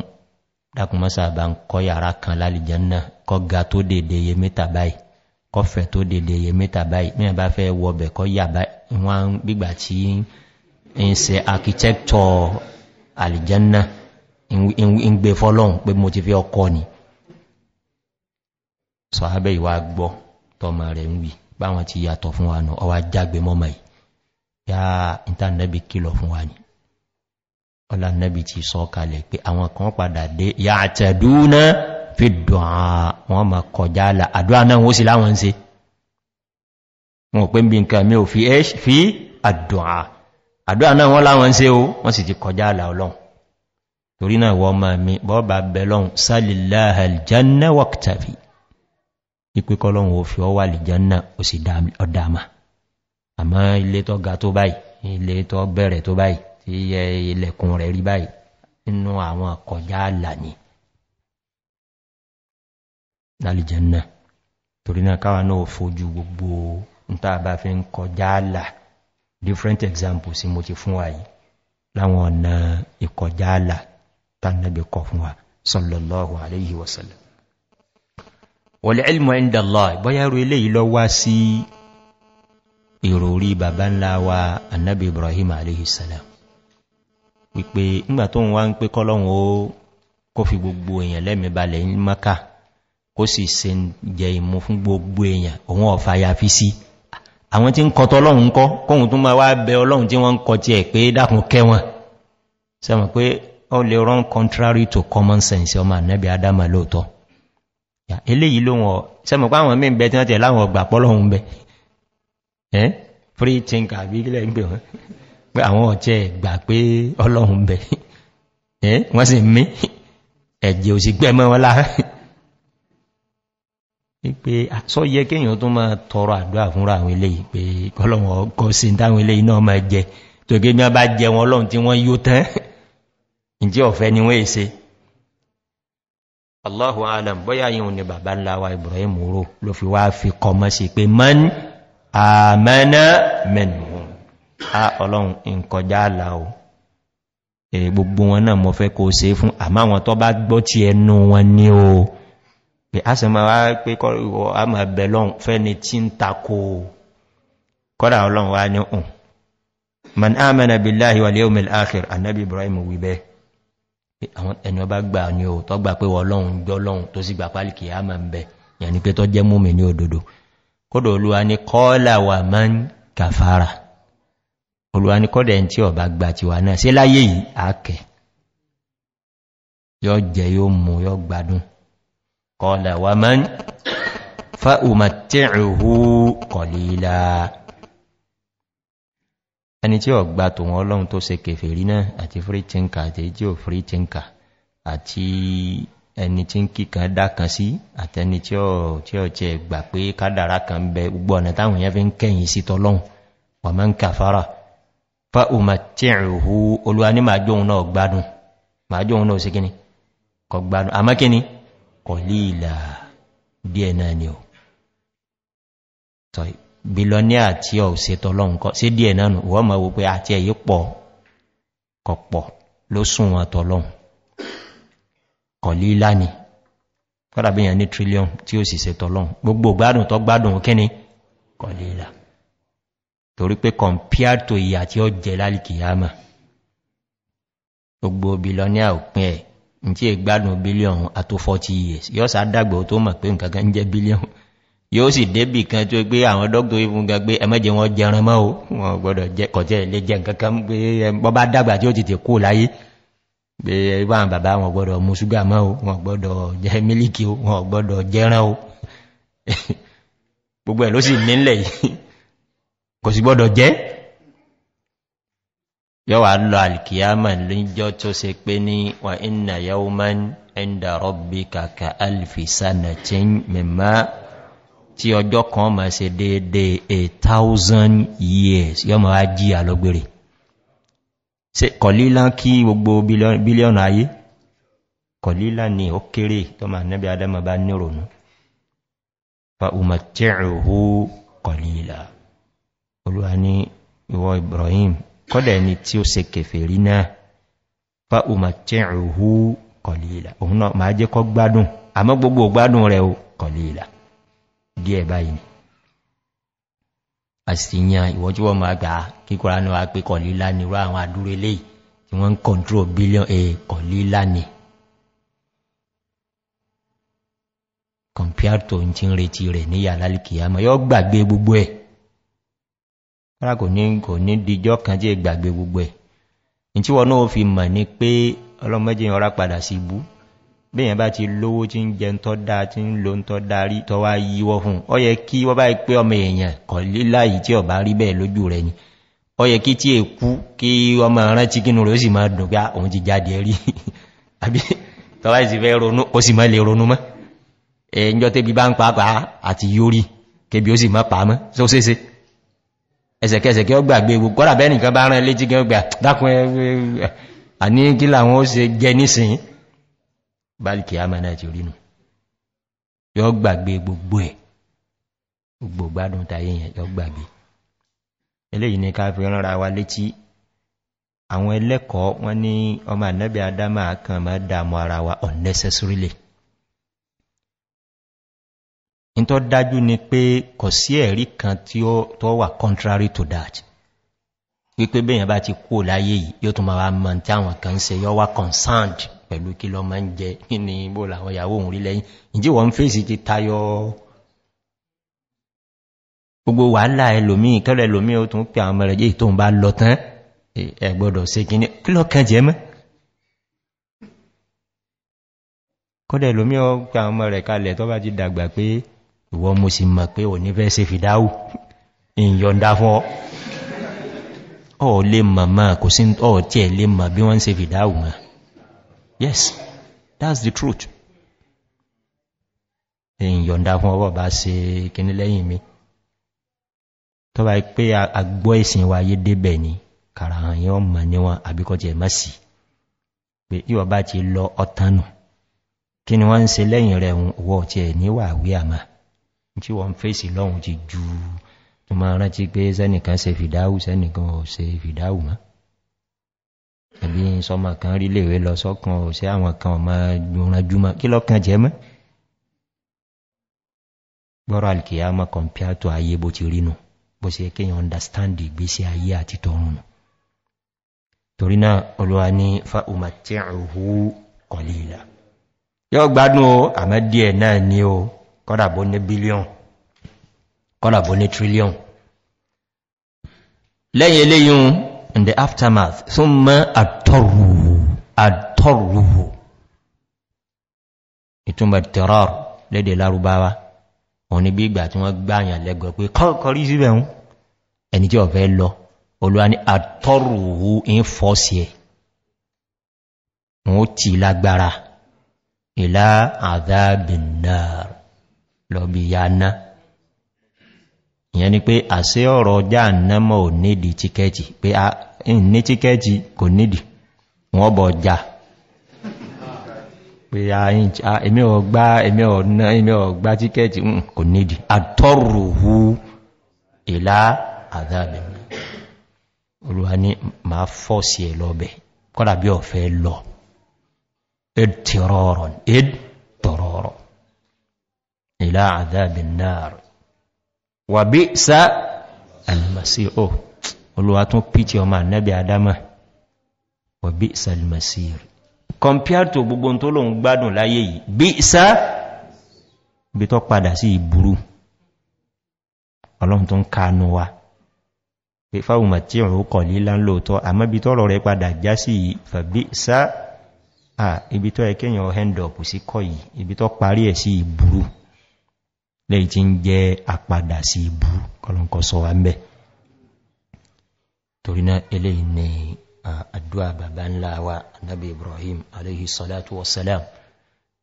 dákùnmọ́sà bá ń kọ yàrá kan lálìjanna kọ ga tó dèdè yé mítà báyìí kọ fẹ̀ tó dèdè yé mítà báyìí mí bá fẹ́ wọbẹ̀ kọ yà wọ́n gbígbà tí ń sọ̀hábẹ́ ìwà gbọ́ tọ́mà rẹ̀ ń wì báwọn ti yàtọ̀ fún wa nù ọwà jágbe mọ́mà yìí yá ìntànẹ́bì kìlọ̀ fún wa ní ọlá nẹ́bì ti sọ kalẹ̀ pé àwọn kan padà dé yà àtẹ̀dúnà fi dùn àwọn ma kọjá àlà àdúrà náà wó sí láwọn ń se wọn pé bí nǹkan mi ò fi torí náà wọ́n ma mi bọ́ bá bẹ́lọ́run sálìláhàl jẹ́ náwọ̀kítàfíì ìpíkọlọ́run ò fi ọwà lè jẹ́nà ó sì ọ̀dàmà àmọ́ ilé tó ga tó báyìí ilé tó bẹ̀rẹ̀ tó báyìí tí yẹ ilẹ̀kùn rẹ̀ rí báyìí nínú àwọn kọjá àlàní lálìjẹ́nà torí náà káwà náà fojú gbogbo ntàbà fi ń kọjá àlà different examples mo ti fún wa yìí láwọn ọ̀nà ìkọjá àlà tánàbí kọ fún wa sọ́lọ̀lọ́wọ́ àríyíwọ̀sọ̀lọ̀ wọ̀lẹ́ẹ̀lmù ẹ̀ndàlá bọ́yárò eléyìí lọ wá sí ìròrí bàbá ńlá wa annabi ibrahim aléhìsàlá wípé ńgbà tó ń wá ń pé kọ́lọ́hun gbogbo èèyàn lẹ́mí balẹ̀ ń mọ́ká kó sì se jẹ ìmú fún gbogbo èèyàn òun ọ̀fà ya fi sí àwọn tí ń kọ pé to eléyìí ló wọ́n sẹ́mọ̀ pàwọn mí bẹ tí wọ́n tẹ̀ láwọn ọgbà pọ́lọ́hun bẹ ẹ́ free thinker bí ilẹ̀ ń gbè wọ́n pé àwọn ọ̀tẹ́ gbà pé ọlọ́hun bẹ ẹ́ wọ́n sì mí ẹ̀jẹ̀ ò sì gbẹ́ mọ́ wọn lára pé sọ yẹ kéèyàn tó máa tọrọ àdúrà fúnra àwọn eléyìí pé kọlọ́wọ́n ọkọ̀ sí táwọn eléyìí Allahu alam bóyá yíò ni bàbá ńlá wa Ibrahim ro ló fi wá fi kọmọ sí pé man àmẹ́nà mẹ́nu a ọlọ́run ìkọjá aláwò èrè gbogbo wọn náà mọ́ fẹ́ kó ṣe fún àmá wọn tó bá gbọ́ ti ẹnu wọn ní o pé a sì máa wá ní ùn hmm. man amana billahi wal yawmil akhir annabi Ibrahim wí bẹ́ẹ̀ ẹni ọba gbà ní o tọ́ gbà pé wọ́lọ́un gbọ́lọ́un tó sì gbà pálì kìí àmà ń bẹ̀ yà ní pé tọ́ jẹ́ múmi ní òdòdó kódò olúwa ní kọ́ọ́là wà má ń kàfàrà olúwa ní kọ́dẹ̀ tí ọba gbà ti wà náà sí láyé yìí àkẹ́ yóò jẹ yóò mú yóò gbádùn kọ́ọ́là wà má ń fa ẹni tí ó gba tòun ọlọ́run tó se kèfèrí náà àti free thinker àti èyí tí ó free thinker àti ẹni tí ń kíkan dákan sí àtẹni tí ó tí ó jẹ gbà pé kádàrá kan bẹ gbogbo ọ̀nà táwọn yẹn fi ń kẹ́yìn sí tọ́lọ́run ọmọ ń kàfàrà fa òmà tí ìrùhú billionaire tí ọ̀ ṣe tọ́lọ́nkọ́ sí díẹ̀ náà wọ́n mọ̀ wípé àti ẹ̀yí pọ̀ kọ̀pọ̀ ló sún wọn tọ́lọ́n kọ̀lí láni kọ́dàbíyàn ní trillion tí ó sì ṣe tọ́lọ́n gbogbo gbádùn tó gbádùn kíní kọ̀lí lá torí pé compared to ìyà tí ó jẹ lálìkìyàmà gbogbo billionaire òpin years yọ́ sá dàgbà tó mọ̀ pé nǹkan kan yóò sì débì kan tó gbé àwọn dọ́gbò ìfún ga gbé ẹmẹ́jẹ wọn jẹran mọ́ o wọn gbọ́dọ̀ kọjẹ́ ilé jẹ nkankan gbé ẹmọ́ bá dàgbà tí ó ti tẹ̀ kó láyé gbé ẹgbà bàbá wọn gbọ́dọ̀ mú ṣúgà mọ́ o wọn gbọ́dọ̀ jẹ mílíkì o wọn gbọ́dọ̀ jẹran o gbogbo ẹ̀ ló sì nílẹ̀ kò sì gbọ́dọ̀ jẹ́ yọ́ lọ alkiyama lójọ́ tó se pé ní wà inna yawman inda rabbika ka alfi sanatin mimma tí ọjọ́ kan ma ṣe dédé a thousand years yọ ma wá jí àlọ́gbèrè ṣe kọ̀lílá kí gbogbo bílíọ̀nù ayé kọ̀lílá ni ó kéré tó ma nẹ́bí adama bá nírònú fa umartiruhu kọ̀lílá olúwa ní ìwọ ibrahim kọ́dẹ̀ ni tí ó se kèfèrí náà fa umartiruhu kọ̀lílá òun náà ma jẹ́ kọ́ gbádùn àmọ́ gbogbo gbádùn rẹ̀ kọ̀lílá díẹ̀ báyìí àṣìyàn ìwọ̀n tí wọ́n máa gbà kíkọ́ra ní wa pé kọ̀lílá ni rọ àwọn àdúró eléyìí tí wọ́n ń kọ̀ntró bílíọ̀n a kọ̀lílá ni kọ̀mpíàtò tí ń retí rẹ̀ ní yàlálìkìyàmọ̀ yọ́ gbàgbé gbogbo ẹ̀ rárá kò ní kò ní díjọ́ kan tí gbàgbé gbogbo ẹ̀ tí wọ́n náà fi mọ̀ ní pé ọlọ́mọ́jẹ́ yọ́n rá padà sí ibú bẹ́yẹn bá ti lówó tí ń jẹ tọ́ dáa tí ń lo tọ́ darí tọ́ wá yíwọ́ fún ọ yẹ kí wọ́n bá pé ọmọ èèyàn kọ̀ líláyìí tí ọ̀bá rí bẹ́ẹ̀ lójú rẹ̀ ni ọ yẹ kí tí èkú kí ọmọ rántí kínú rẹ̀ ó sì máa dùn gá ah, òun ti jáde rí àní kí làwọn ó se jẹ nísìnyí bálìkì àmà náà ti rínú yọ gbàgbé gbogbo ẹ̀ gbogbo gbádùn tayé yẹn yọ gbàgbé eléyìí ni ká fi ránra wa létí àwọn ẹlẹ́kọ̀ọ́ wọ́n ní ọmọ ànẹ́bẹ̀ adámà kan máa dàmú ara wa unnecessarily in tó dájú ni pé contrary to that wípé bẹ́yàn bá ti kú láyé yìí yóò tún máa mọ̀ tí àwọn kan ń se yọ́ wá concerned pẹ̀lú kí lọ máa ń jẹ ní bó làwọn ìyàwó òun rí lẹ́yìn ìjí wọ́n ń fèsì ti tayọ gbogbo wàhálà ẹlòmíì kẹ́lẹ̀ ẹlòmíì ó tún pẹ àwọn mẹ́rẹ̀ yìí tó ń bá lọ tán ẹgbọ́dọ̀ sí kí ní kí lọ́kàn jẹ mọ́ kọ́dẹ̀ ẹlòmíì ó pẹ àwọn mẹ́rẹ̀ kalẹ̀ tó bá ti dàgbà pé ìwọ mo sì mọ̀ pé ò ní fẹ́ ṣe fìdáwù ìyọ̀ndà fún ọ lè mọ̀ mọ̀ kò sí ọ̀ tí ẹ̀ lè mọ̀ bí wọ́n ń ṣe fìdáwù mọ̀ yes that's the truth èyàn yọ̀nda fún ọwọ́ bá se kìní lẹ́yìn mi tó bá pé àgbọ́ ìsìn wa yé débẹ̀ ni kàrà àyàn ọmọ níwọ̀n àbíkọ́ ti ẹ̀mọ́ sí pé yíò bá ti lọ ọ̀tánù kí ni wọ́n ń se lẹ́yìn rẹ̀ wọ́ ti ẹ̀ níwà wí àmà tí wọ́n fèsì lọ́hun ti ju tó máa rántí pé sẹ́nìkan se fìdáhù sẹ́nìkan ò se fìdáhù mọ́ ẹ̀bí sọmọ kan rí lèwé lọ sọ́kan ò sí àwọn kan ọmọ jùmọ̀júmọ̀ kí lọ́kàn jẹ́ mọ́ gbọ́rọ̀ alkiyama kọmpiátò ayé bó ti rínú bó ṣe kéyàn understand ìgbésí ayé àti tọrùn torí náà olúwa ní fa'umà tí òhú kọlìlà yóò gbádùn o àmẹ́dí ẹ̀ náà ní o kọ́dàbó ní bílíọ̀n kọ́dàbó ní tírílíọ̀n in the aftermath thumma àtọrùhù àtọrùhù ìtumọ̀ terror lédè lárúbáwá wọn ni bí ìgbà tí wọ́n gbáyàn lẹ́gbẹ̀ẹ́ pé kọ́kọ́rí síbẹ̀ ń ẹni tí ọ̀fẹ́ lọ olúwa ni àtọrùhù in force. ẹ̀ wọ́n ti lagbara ila àdábìnnáà lọ bí yáná ìyẹn ni pé àṣẹ ọ̀rọ̀ jáà náà mọ̀ ò nídìí tíkẹ́ẹ̀tì pé ah, ní tíkẹ́ẹ̀tì kò nídì wọ́n bọ̀ jà pé èmi ọ̀gbá èmi ọ̀nà èmi ọ̀gbá tíkẹ́ẹ̀tì kò nídì àtọ́rùhú ìlà àdáàbẹ̀ olúwa ní ma fọ́ sí ẹ̀ lọ́bẹ̀ kọ́dà bí ọ̀fẹ́ lọ ed tìrọrọ̀ ed tọ̀rọrọ̀ ìlà àdáàbẹ̀ náà sá almasí oh olùwà tún pìtì ọmọ ànẹ́bì adama ọ̀bí ìsàlìmọ̀síìrì compared to gbogbo tó lòun gbádùn láyé yìí bí ìsá bí tó padà sí ìbúrú ọlọ́run tó ń kánú wa pé fáwùmọ̀ tí òun kọ̀ lílá ń lóòótọ́ àmọ́ ibi tọ́rọ̀ rẹ̀ padà já sí ìfàbí ìsá à ibi tó ẹkẹ́yàn hand up sí kọ́ yìí ibi tó parí ẹ̀ sí ìbúrú lẹ́yìn tí ń jẹ́ àpadà sí ìbúrú kọlọ́nkọ́ sọ wa mẹ́ẹ̀ torí náà eléyìí ni àdúwà bàbá ńlá wa anábi ibrahim aléhì salatu wasalam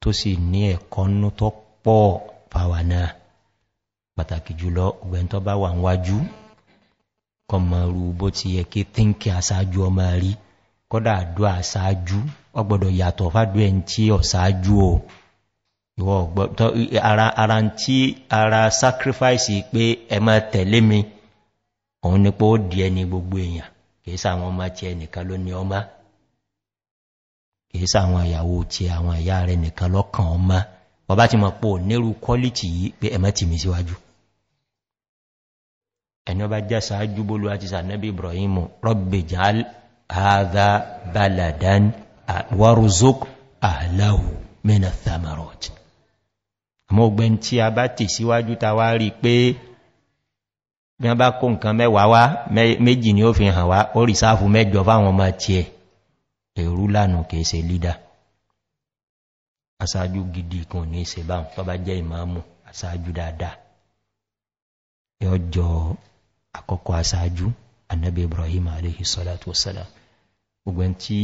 tó sì ní ẹ̀kọ́nú tó pọ̀ fàwà náà pàtàkì jùlọ ọgbẹ̀ntọ́ bá wà wájú kọmọrù bó ti yẹ kí tínkì aṣáájú ọmọ rí kọ́dà àdúwà aṣáájú ọgbọ̀dọ̀ yàtọ̀ fàdú ẹ̀ tí ọ̀ṣáájú o ara sacrifice pé ẹ tẹ̀lé mi òun ni pé ó di ẹni gbogbo èèyàn kìí sáwọn ọmọ tí ẹnìkan ló ní ọmọ kìí sáwọn ìyàwó tí àwọn ìyá rẹ̀ nìkan lọ́kàn ọmọ bọ́bá ti mọ̀ pò nírú kọ́lìtì yìí pé ẹmọ́ ti mi síwájú ẹni ọba jẹ́ ahlahu mena thamarot àmọ́ ọgbẹ́ni tí a bá tè bí wọ́n bá kó nǹkan mẹ́wàá wá méjì ni ó fi hàn wá ó rí sáàfù mẹ́jọ fáwọn ọmọ tí ẹ̀ èrú lánà kèèsè lídà asáájú gidi kan ní ìsẹ̀ báhùn tó bá jẹ́ ìmáàmù asáájú dáadáa ẹjọ́ ibrahim aléhìsọ́látò sọ́lá gbogbo tí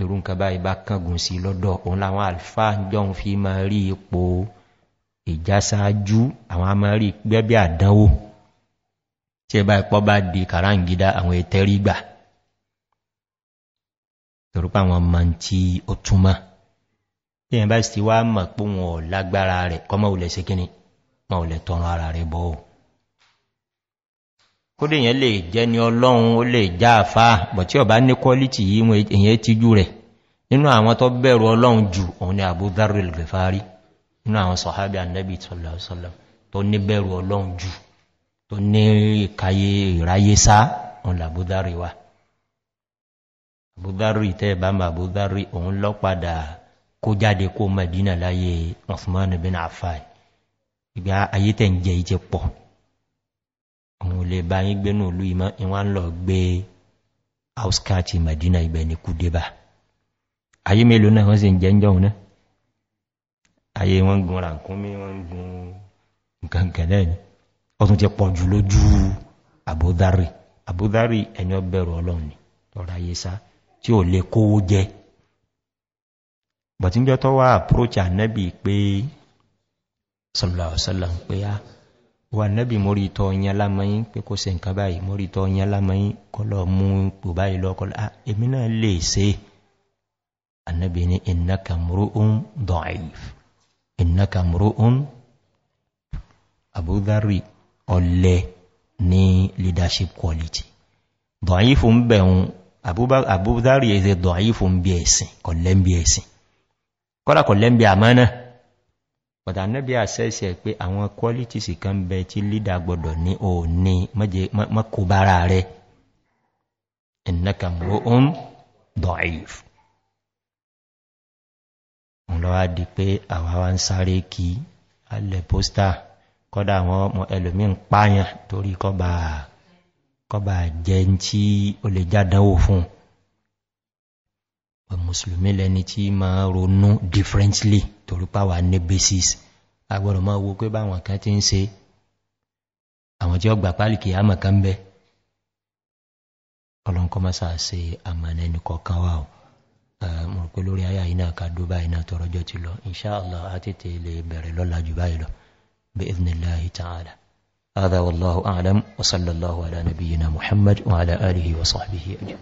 irú nǹkan báyìí bá kángun sí lọ́dọ̀ òun láwọn alfáà jọun fi máa ìjásáájú àwọn a máa àdánwò tí ẹ bá ẹ̀pọ̀ bá di kàráǹgídá àwọn ètẹ́rí gbà torípa àwọn ọmọ tí ó túnmá tí ẹ bá sì wá mọ̀ pé wọn ò lágbára rẹ̀ kọ́ mọ̀ òlẹ̀ sí kíní mọ̀ òlẹ̀ tọrọ ara rẹ̀ bọ́ ò kódé yẹn lè jẹ́ ni ọlọ́run ó lè já àfá bọ̀ tí ọba ní kọ́lítì yìí wọn èyàn ti jú rẹ̀ nínú àwọn tó bẹ̀rù ọlọ́run jù òun ni àbúdárò ìlúfẹ́fárí nínú àwọn sọ̀hábí annabi sọ̀lọ̀ tó ní bẹ̀rù ọlọ́run jù tó ní ìkàyé ìráyé sá ọ̀nà àbúdárì wa. àbúdárì tẹ́ bá ma àbúdárì òun lọ́padà kó jáde kó láyé osman bin afai ìgbà ayé tẹ́ ń jẹ ìjẹ pọ̀ òun lè bá yí gbénú olú ìwọ́n lọ gbé outskirt mẹ́dínà ibẹ̀ ní kúdébà ayé mélòó náà wọ́n sì ń náà ayé wọ́n gun ó tún ti pọ̀ jù lójú àbúdárì àbúdárì ẹni ọbẹ̀rù ọlọ́run ni ọ̀rọ̀ ayé sá tí ò lè kówó jẹ bọ̀tíjọ́ tó wá approach ànẹ́bì pé sallallahu alaihi wasallam pé ah, á wà nẹ́bì mórí tọ́ ọyán lámọ́yín pé kó ṣe nǹkan báyìí mórí tọ́ ọyán lámọ́yín kọ́lọ̀ mú pò báyìí lọ́kọ́lọ́ ah, èmi náà lè ṣe ànẹ́bì ní innaka mru'un da'if innaka mru'un Abu Dharr ọlẹ ní leadership quality dọ̀yífò ń bẹ̀rún àbúdárì ẹ̀ẹ́sẹ̀ dọ̀yífò ń bí ẹ̀sìn kọ̀lẹ́mbí ẹ̀sìn kọ́lá kọ̀lẹ́mbí àmọ́nà pàtà nẹ́bí àṣẹ́ṣẹ́ pé àwọn qualities kan bẹ tí leader gbọdọ̀ ní o ní mọ́kòbára rẹ̀ ẹ̀nàkàmọ́ oún dọ̀yífò ń lọ́wọ́ di pé kọ́dá àwọn ọmọ ẹlòmí ń pààyàn torí kọba jẹ tí ó lè jádánwò fún ọ̀ musulmi lẹni tí ma ronú differently torí pàwà ní basis agbọ́dọ̀ máa wo pé báwọn kan ti ń se àwọn tí ó gbà pálìkì àmà kan bẹ́ ọlọ́nkọ́ mọ́sá se àmà ẹnì kọ̀ọ̀kan wà ó mọ̀ pé lórí باذن الله تعالى هذا والله اعلم وصلى الله على نبينا محمد وعلى اله وصحبه اجمعين